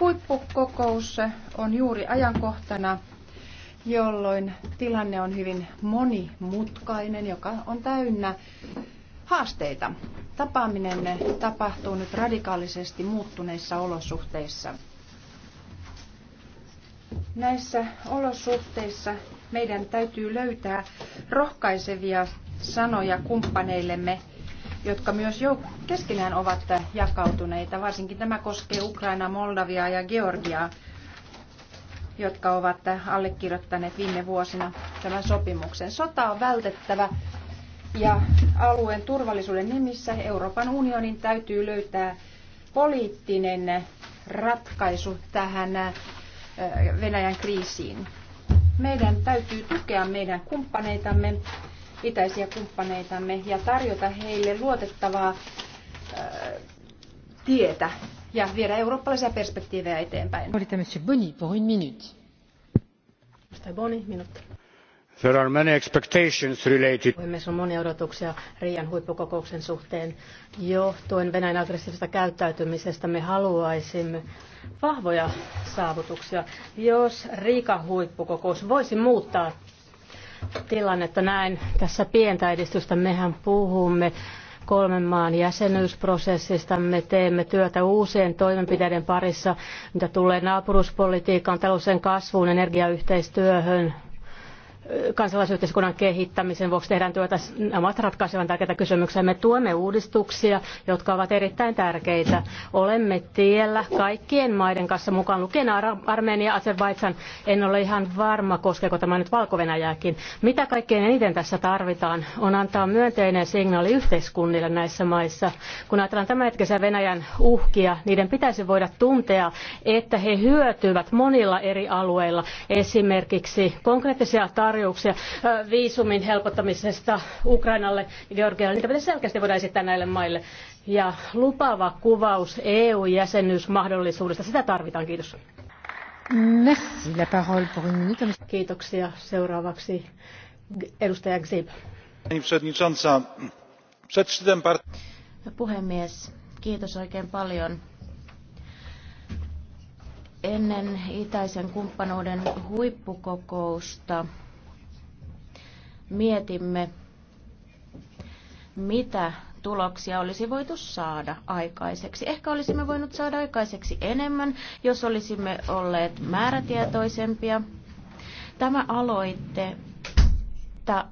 Huippukokous on juuri ajankohtana, jolloin tilanne on hyvin monimutkainen, joka on täynnä haasteita. Tapaaminen tapahtuu nyt radikaalisesti muuttuneissa olosuhteissa. Näissä olosuhteissa meidän täytyy löytää rohkaisevia sanoja kumppaneillemme jotka myös jo keskenään ovat jakautuneita. Varsinkin tämä koskee Ukrainaa, Moldaviaa ja Georgiaa, jotka ovat allekirjoittaneet viime vuosina tämän sopimuksen. Sota on vältettävä ja alueen turvallisuuden nimissä Euroopan unionin täytyy löytää poliittinen ratkaisu tähän äh, Venäjän kriisiin. Meidän täytyy tukea meidän kumppaneitamme itäisiä kumppaneitamme ja tarjota heille luotettavaa tietä ja viedä eurooppalaisia perspektiivejä eteenpäin. There are many expectations related. Puhemies on monia odotuksia Riian huippukokouksen suhteen. Johtuen Venäjän aggressiivisesta käyttäytymisestä me haluaisimme vahvoja saavutuksia. Jos Riikan huippukokous voisi muuttaa tilannetta näin. Tässä pientä edistystä mehän puhumme kolmen maan jäsenyysprosessista. Me teemme työtä uusien toimenpiteiden parissa, mitä tulee naapuruspolitiikkaan, talousen kasvuun, energiayhteistyöhön, kansalaisyhteiskunnan kehittämisen vuoksi tehdään työtä. Nämä ovat ratkaisevan tärkeitä kysymyksiä. Me tuemme uudistuksia, jotka ovat erittäin tärkeitä. Olemme tiellä kaikkien maiden kanssa mukaan lukien Ar- Armenia, Azerbaidsan. En ole ihan varma, koskeeko tämä nyt valko -Venäjääkin. Mitä kaikkein eniten tässä tarvitaan, on antaa myönteinen signaali yhteiskunnille näissä maissa. Kun ajatellaan tämänhetkisiä Venäjän uhkia, niiden pitäisi voida tuntea, että he hyötyvät monilla eri alueilla. Esimerkiksi konkreettisia tarpeita tarjouksia viisumin helpottamisesta Ukrainalle ja Georgialle. Niitä pitäisi selkeästi voida esittää näille maille. Ja lupaava kuvaus EU-jäsenyysmahdollisuudesta, sitä tarvitaan. Kiitos. Merci. La parole pour une minute. Kiitoksia. Seuraavaksi edustaja Gzib. Puhemies, kiitos oikein paljon. Ennen itäisen kumppanuuden huippukokousta mietimme, mitä tuloksia olisi voitu saada aikaiseksi. Ehkä olisimme voinut saada aikaiseksi enemmän, jos olisimme olleet määrätietoisempia. Tämä aloitte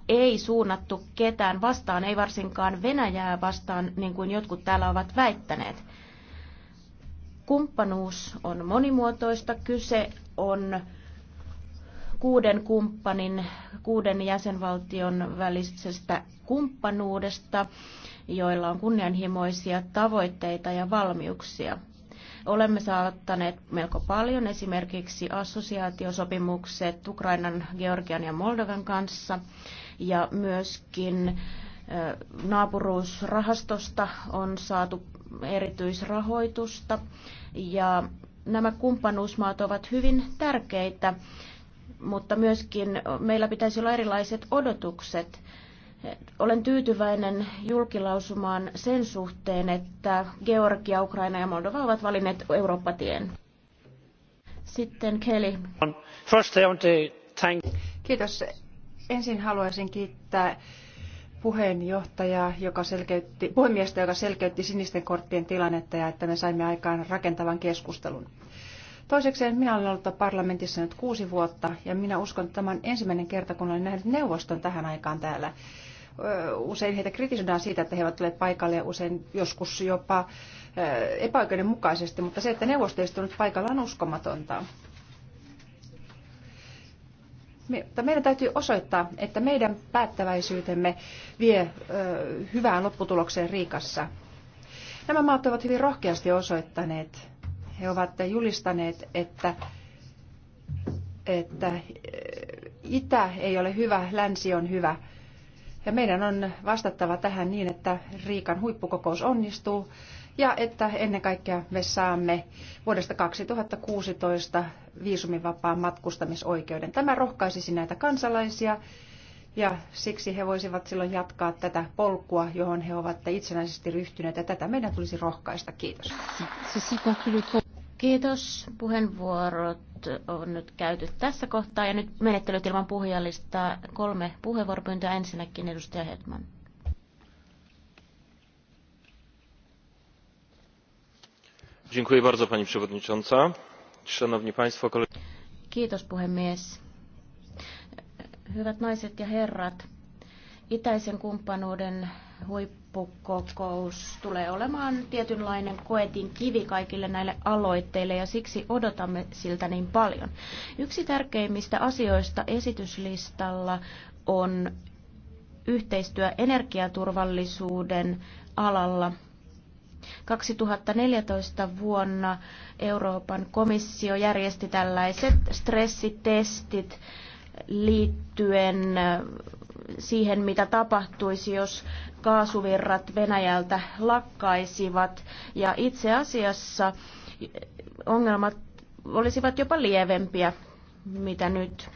ei suunnattu ketään vastaan, ei varsinkaan Venäjää vastaan, niin kuin jotkut täällä ovat väittäneet. Kumppanuus on monimuotoista, kyse on kuuden kumppanin, kuuden jäsenvaltion välisestä kumppanuudesta, joilla on kunnianhimoisia tavoitteita ja valmiuksia. Olemme saattaneet melko paljon esimerkiksi assosiaatiosopimukset Ukrainan, Georgian ja Moldovan kanssa ja myöskin naapuruusrahastosta on saatu erityisrahoitusta ja nämä kumppanuusmaat ovat hyvin tärkeitä mutta myöskin meillä pitäisi olla erilaiset odotukset. Olen tyytyväinen julkilausumaan sen suhteen, että Georgia, Ukraina ja Moldova ovat valinneet Eurooppa-tien. Sitten Kelly. Kiitos. Ensin haluaisin kiittää puheenjohtajaa, joka selkeytti, puhemiestä, joka selkeytti sinisten korttien tilannetta ja että me saimme aikaan rakentavan keskustelun. Toisekseen minä olen ollut parlamentissa nyt kuusi vuotta ja minä uskon, että tämä on ensimmäinen kerta, kun olen nähnyt neuvoston tähän aikaan täällä. Usein heitä kritisoidaan siitä, että he ovat tulleet paikalle ja usein joskus jopa epäoikeudenmukaisesti, mutta se, että neuvosto ei nyt paikalla on uskomatonta. Meidän täytyy osoittaa, että meidän päättäväisyytemme vie hyvään lopputulokseen Riikassa. Nämä maat ovat hyvin rohkeasti osoittaneet he ovat julistaneet, että, että äh, itä ei ole hyvä, länsi on hyvä. Ja meidän on vastattava tähän niin, että Riikan huippukokous onnistuu ja että ennen kaikkea me saamme vuodesta 2016 viisumivapaan matkustamisoikeuden. Tämä rohkaisisi näitä kansalaisia ja siksi he voisivat silloin jatkaa tätä polkua, johon he ovat itsenäisesti ryhtyneet, ja tätä meidän tulisi rohkaista. Kiitos. Kiitos. Puheenvuorot on nyt käyty tässä kohtaa, ja nyt menettelyt ilman puhujallista. Kolme puheenvuoropyyntöä ensinnäkin, edustaja Hetman. Dziękuję bardzo pani przewodnicząca. Szanowni państwo, koledzy. Kiitos puhemies Hyvät naiset ja herrat, itäisen kumppanuuden huippukokous tulee olemaan tietynlainen koetin kivi kaikille näille aloitteille ja siksi odotamme siltä niin paljon. Yksi tärkeimmistä asioista esityslistalla on yhteistyö energiaturvallisuuden alalla 2014 vuonna Euroopan komissio järjesti tällaiset stressitestit liittyen siihen, mitä tapahtuisi, jos kaasuvirrat Venäjältä lakkaisivat. Ja itse asiassa ongelmat olisivat jopa lievempiä, mitä nyt.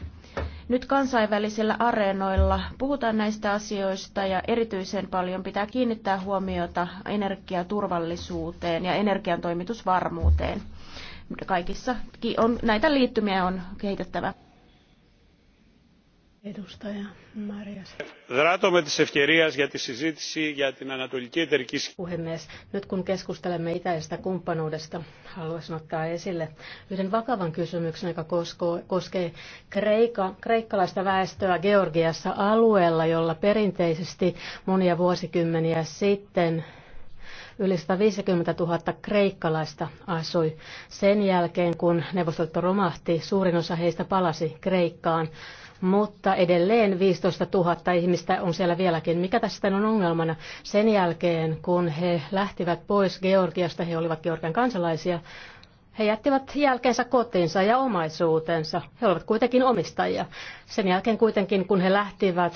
Nyt kansainvälisillä areenoilla puhutaan näistä asioista ja erityisen paljon pitää kiinnittää huomiota energiaturvallisuuteen ja energiantoimitusvarmuuteen. Kaikissa on, näitä liittymiä on kehitettävä. Edustaja Δράτωμε της ευκαιρίας για τη συζήτηση για την ανατολική εταιρική Puhemies, nyt kun keskustelemme itäisestä kumppanuudesta, haluaisin ottaa esille yhden vakavan kysymyksen, joka koskee kreika, kreikkalaista väestöä Georgiassa alueella, jolla perinteisesti monia vuosikymmeniä sitten yli 150 000 kreikkalaista asui. Sen jälkeen, kun neuvostoliitto romahti, suurin osa heistä palasi Kreikkaan mutta edelleen 15 000 ihmistä on siellä vieläkin. Mikä tässä on ongelmana? Sen jälkeen, kun he lähtivät pois Georgiasta, he olivat Georgian kansalaisia, he jättivät jälkeensä kotinsa ja omaisuutensa. He olivat kuitenkin omistajia. Sen jälkeen kuitenkin, kun he lähtivät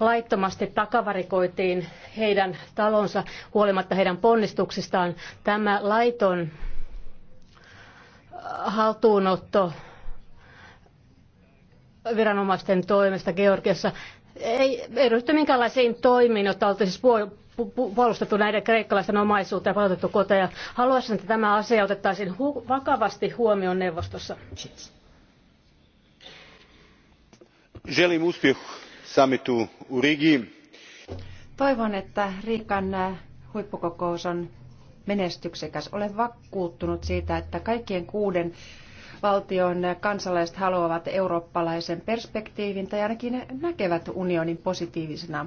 laittomasti takavarikoitiin heidän talonsa huolimatta heidän ponnistuksistaan, tämä laiton haltuunotto viranomaisten toimesta Georgiassa. Ei ryhty minkäänlaisiin toimiin, jotta oltaisiin siis puolustettu näiden kreikkalaisten omaisuutta ja palautettu koteja. Haluaisin, että tämä asia otettaisiin hu- vakavasti huomioon neuvostossa. Želim uspjeh summitu u Rigi. Toivon, että Riikan äh, huippukokous on menestyksekäs. Olen vakuuttunut siitä, että kaikkien kuuden valtion kansalaiset haluavat eurooppalaisen perspektiivin tai ainakin näkevät unionin positiivisena.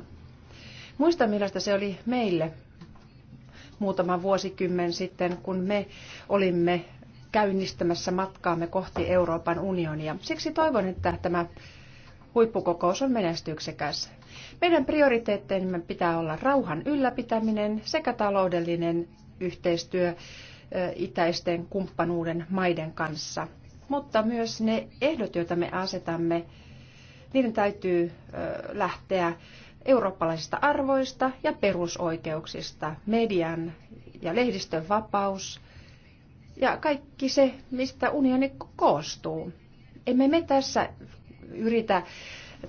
Muista millaista se oli meille muutama vuosikymmen sitten, kun me olimme käynnistämässä matkaamme kohti Euroopan unionia. Siksi toivon, että tämä huippukokous on menestyksekäs. Meidän prioriteetteemme pitää olla rauhan ylläpitäminen sekä taloudellinen yhteistyö itäisten kumppanuuden maiden kanssa mutta myös ne ehdot, joita me asetamme, niiden täytyy lähteä eurooppalaisista arvoista ja perusoikeuksista, median ja lehdistön vapaus ja kaikki se, mistä unioni koostuu. Emme me tässä yritä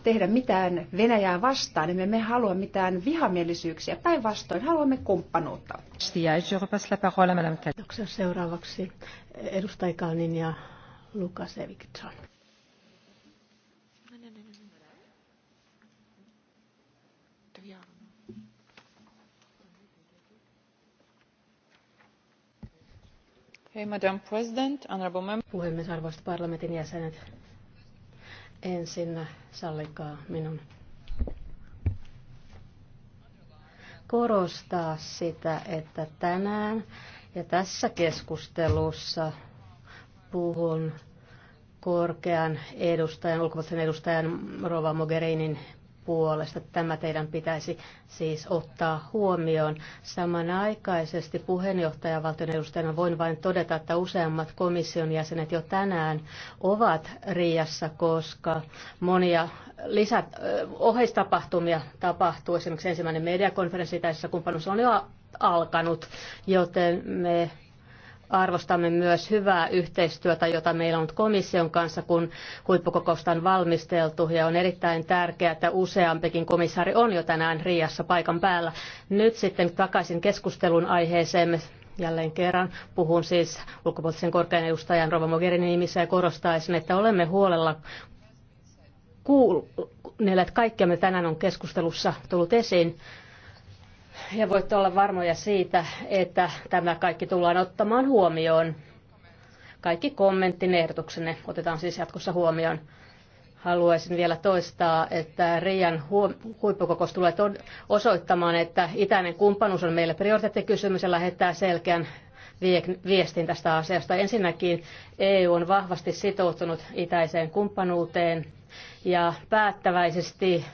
tehdä mitään Venäjää vastaan, emme me halua mitään vihamielisyyksiä. Päinvastoin haluamme kumppanuutta. Seuraavaksi edustaja Kalnin ja Lukas Eviktson. Hey, Madam President, Honorable Member. Puhemies, arvoisat parlamentin jäsenet. Ensin sallikaa minun korostaa sitä, että tänään ja tässä keskustelussa puhun korkean edustajan, ulkopuolisen edustajan Rova Mogherinin puolesta. Tämä teidän pitäisi siis ottaa huomioon. Samanaikaisesti valtion edustajana voin vain todeta, että useammat komission jäsenet jo tänään ovat Riassa, koska monia lisät, oheistapahtumia tapahtuu. Esimerkiksi ensimmäinen mediakonferenssi tässä kumppanuus on jo alkanut, joten me arvostamme myös hyvää yhteistyötä, jota meillä on ollut komission kanssa, kun huippukokousta on valmisteltu. Ja on erittäin tärkeää, että useampikin komissaari on jo tänään Riassa paikan päällä. Nyt sitten takaisin keskustelun aiheeseemme jälleen kerran. Puhun siis ulkopuolisen korkean edustajan Rova Mogherini nimissä ja korostaisin, että olemme huolella kuulleet kaikkea, mitä tänään on keskustelussa tullut esiin. Ja voitte olla varmoja siitä, että tämä kaikki tullaan ottamaan huomioon. Kaikki kommentti ehdotuksenne otetaan siis jatkossa huomioon haluaisin vielä toistaa, että Rian huippukokous tulee osoittamaan, että itäinen kumppanuus on meille prioriteettikysymys ja lähettää selkeän viestin tästä asiasta. Ensinnäkin EU on vahvasti sitoutunut itäiseen kumppanuuteen ja päättäväisesti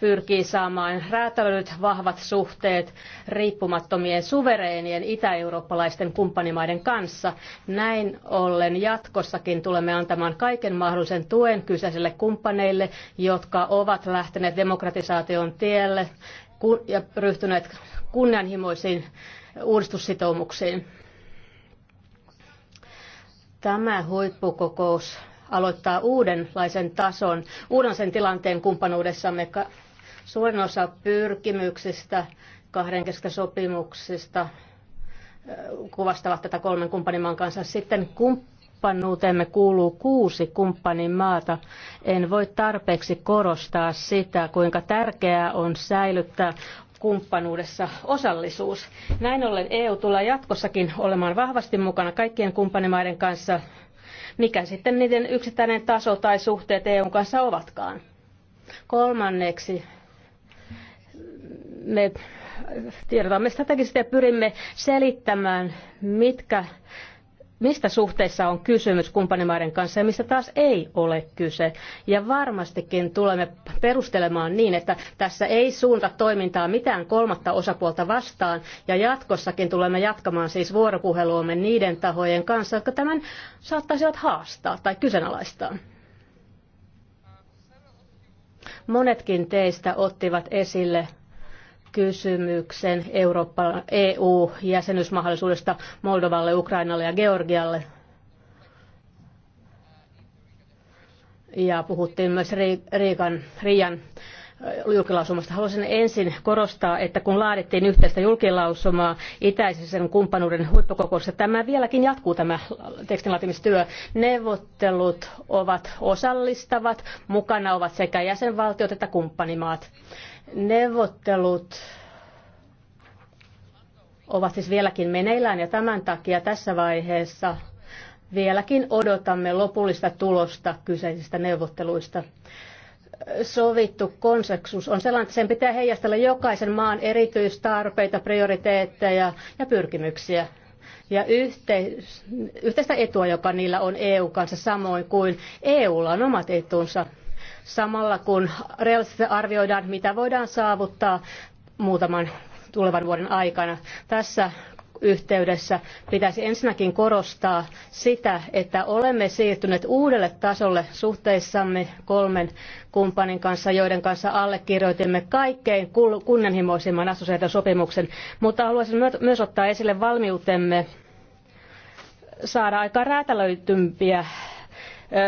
pyrkii saamaan räätälöidyt vahvat suhteet riippumattomien suvereenien itä-eurooppalaisten kumppanimaiden kanssa. Näin ollen jatkossakin tulemme antamaan kaiken mahdollisen tuen kyseisille kumppaneille, jotka ovat lähteneet demokratisaation tielle ja ryhtyneet kunnianhimoisiin uudistussitoumuksiin. Tämä huippukokous aloittaa uudenlaisen tason, uuden sen tilanteen kumppanuudessamme. Suurin osa pyrkimyksistä, kahdenkeskistä sopimuksista kuvastavat tätä kolmen kumppanimaan kanssa. Sitten kumppanuuteemme kuuluu kuusi kumppanimaata. En voi tarpeeksi korostaa sitä, kuinka tärkeää on säilyttää kumppanuudessa osallisuus. Näin ollen EU tulee jatkossakin olemaan vahvasti mukana kaikkien kumppanimaiden kanssa mikä sitten niiden yksittäinen taso tai suhteet EUn kanssa ovatkaan. Kolmanneksi me tiedotamme strategisesti ja pyrimme selittämään, mitkä mistä suhteessa on kysymys kumppanimaiden kanssa ja mistä taas ei ole kyse. Ja varmastikin tulemme perustelemaan niin, että tässä ei suunta toimintaa mitään kolmatta osapuolta vastaan ja jatkossakin tulemme jatkamaan siis vuoropuheluamme niiden tahojen kanssa, jotka tämän saattaisivat haastaa tai kyseenalaistaa. Monetkin teistä ottivat esille kysymyksen Eurooppa, EU-jäsenyysmahdollisuudesta Moldovalle, Ukrainalle ja Georgialle. Ja puhuttiin myös Riikan, Riian julkilausumasta. Haluaisin ensin korostaa, että kun laadittiin yhteistä julkilausumaa itäisen kumppanuuden huippukokouksessa, tämä vieläkin jatkuu tämä laatimistyö. Neuvottelut ovat osallistavat, mukana ovat sekä jäsenvaltiot että kumppanimaat. Neuvottelut ovat siis vieläkin meneillään ja tämän takia tässä vaiheessa vieläkin odotamme lopullista tulosta kyseisistä neuvotteluista sovittu konsensus on sellainen, että sen pitää heijastella jokaisen maan erityistarpeita, prioriteetteja ja pyrkimyksiä ja yhteistä etua, joka niillä on EU kanssa, samoin kuin EUlla on omat etunsa. Samalla kun realistisesti arvioidaan, mitä voidaan saavuttaa muutaman tulevan vuoden aikana. Tässä yhteydessä pitäisi ensinnäkin korostaa sitä, että olemme siirtyneet uudelle tasolle suhteissamme kolmen kumppanin kanssa, joiden kanssa allekirjoitimme kaikkein kunnianhimoisimman assosiaatiosopimuksen, mutta haluaisin myös ottaa esille valmiutemme saada aika räätälöitympiä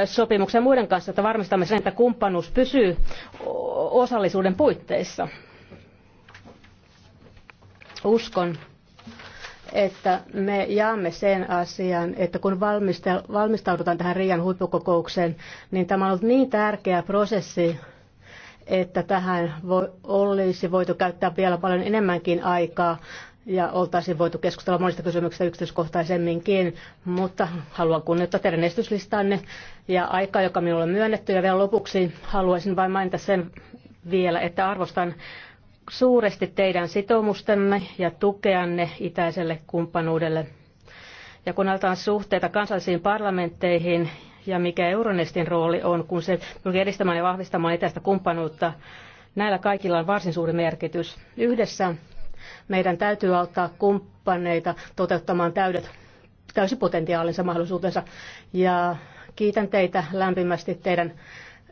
sopimuksia muiden kanssa, että varmistamme sen, että kumppanuus pysyy osallisuuden puitteissa. Uskon, että me jaamme sen asian, että kun valmistaudutaan tähän Riian huippukokoukseen, niin tämä on ollut niin tärkeä prosessi, että tähän olisi voitu käyttää vielä paljon enemmänkin aikaa ja oltaisiin voitu keskustella monista kysymyksistä yksityiskohtaisemminkin, mutta haluan kunnioittaa teidän esityslistanne ja aikaa, joka minulle on myönnetty. Ja vielä lopuksi haluaisin vain mainita sen vielä, että arvostan suuresti teidän sitoumustenne ja tukeanne itäiselle kumppanuudelle. Ja kun aletaan suhteita kansallisiin parlamentteihin ja mikä Euronestin rooli on, kun se pyrkii edistämään ja vahvistamaan itäistä kumppanuutta, näillä kaikilla on varsin suuri merkitys. Yhdessä meidän täytyy auttaa kumppaneita toteuttamaan täydet, täysipotentiaalinsa mahdollisuutensa. Ja kiitän teitä lämpimästi teidän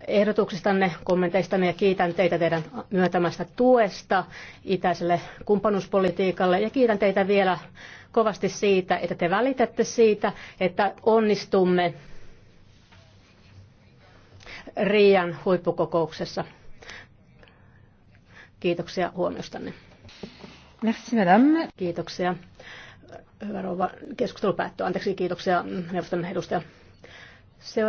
ehdotuksistanne, kommenteistanne ja kiitän teitä teidän myötämästä tuesta itäiselle kumppanuuspolitiikalle ja kiitän teitä vielä kovasti siitä, että te välitätte siitä, että onnistumme Riian huippukokouksessa. Kiitoksia huomiostanne. Merci, madame. Kiitoksia. Hyvä rouva. Keskustelu päättyy. Anteeksi, kiitoksia neuvoston edustaja. Seuraava.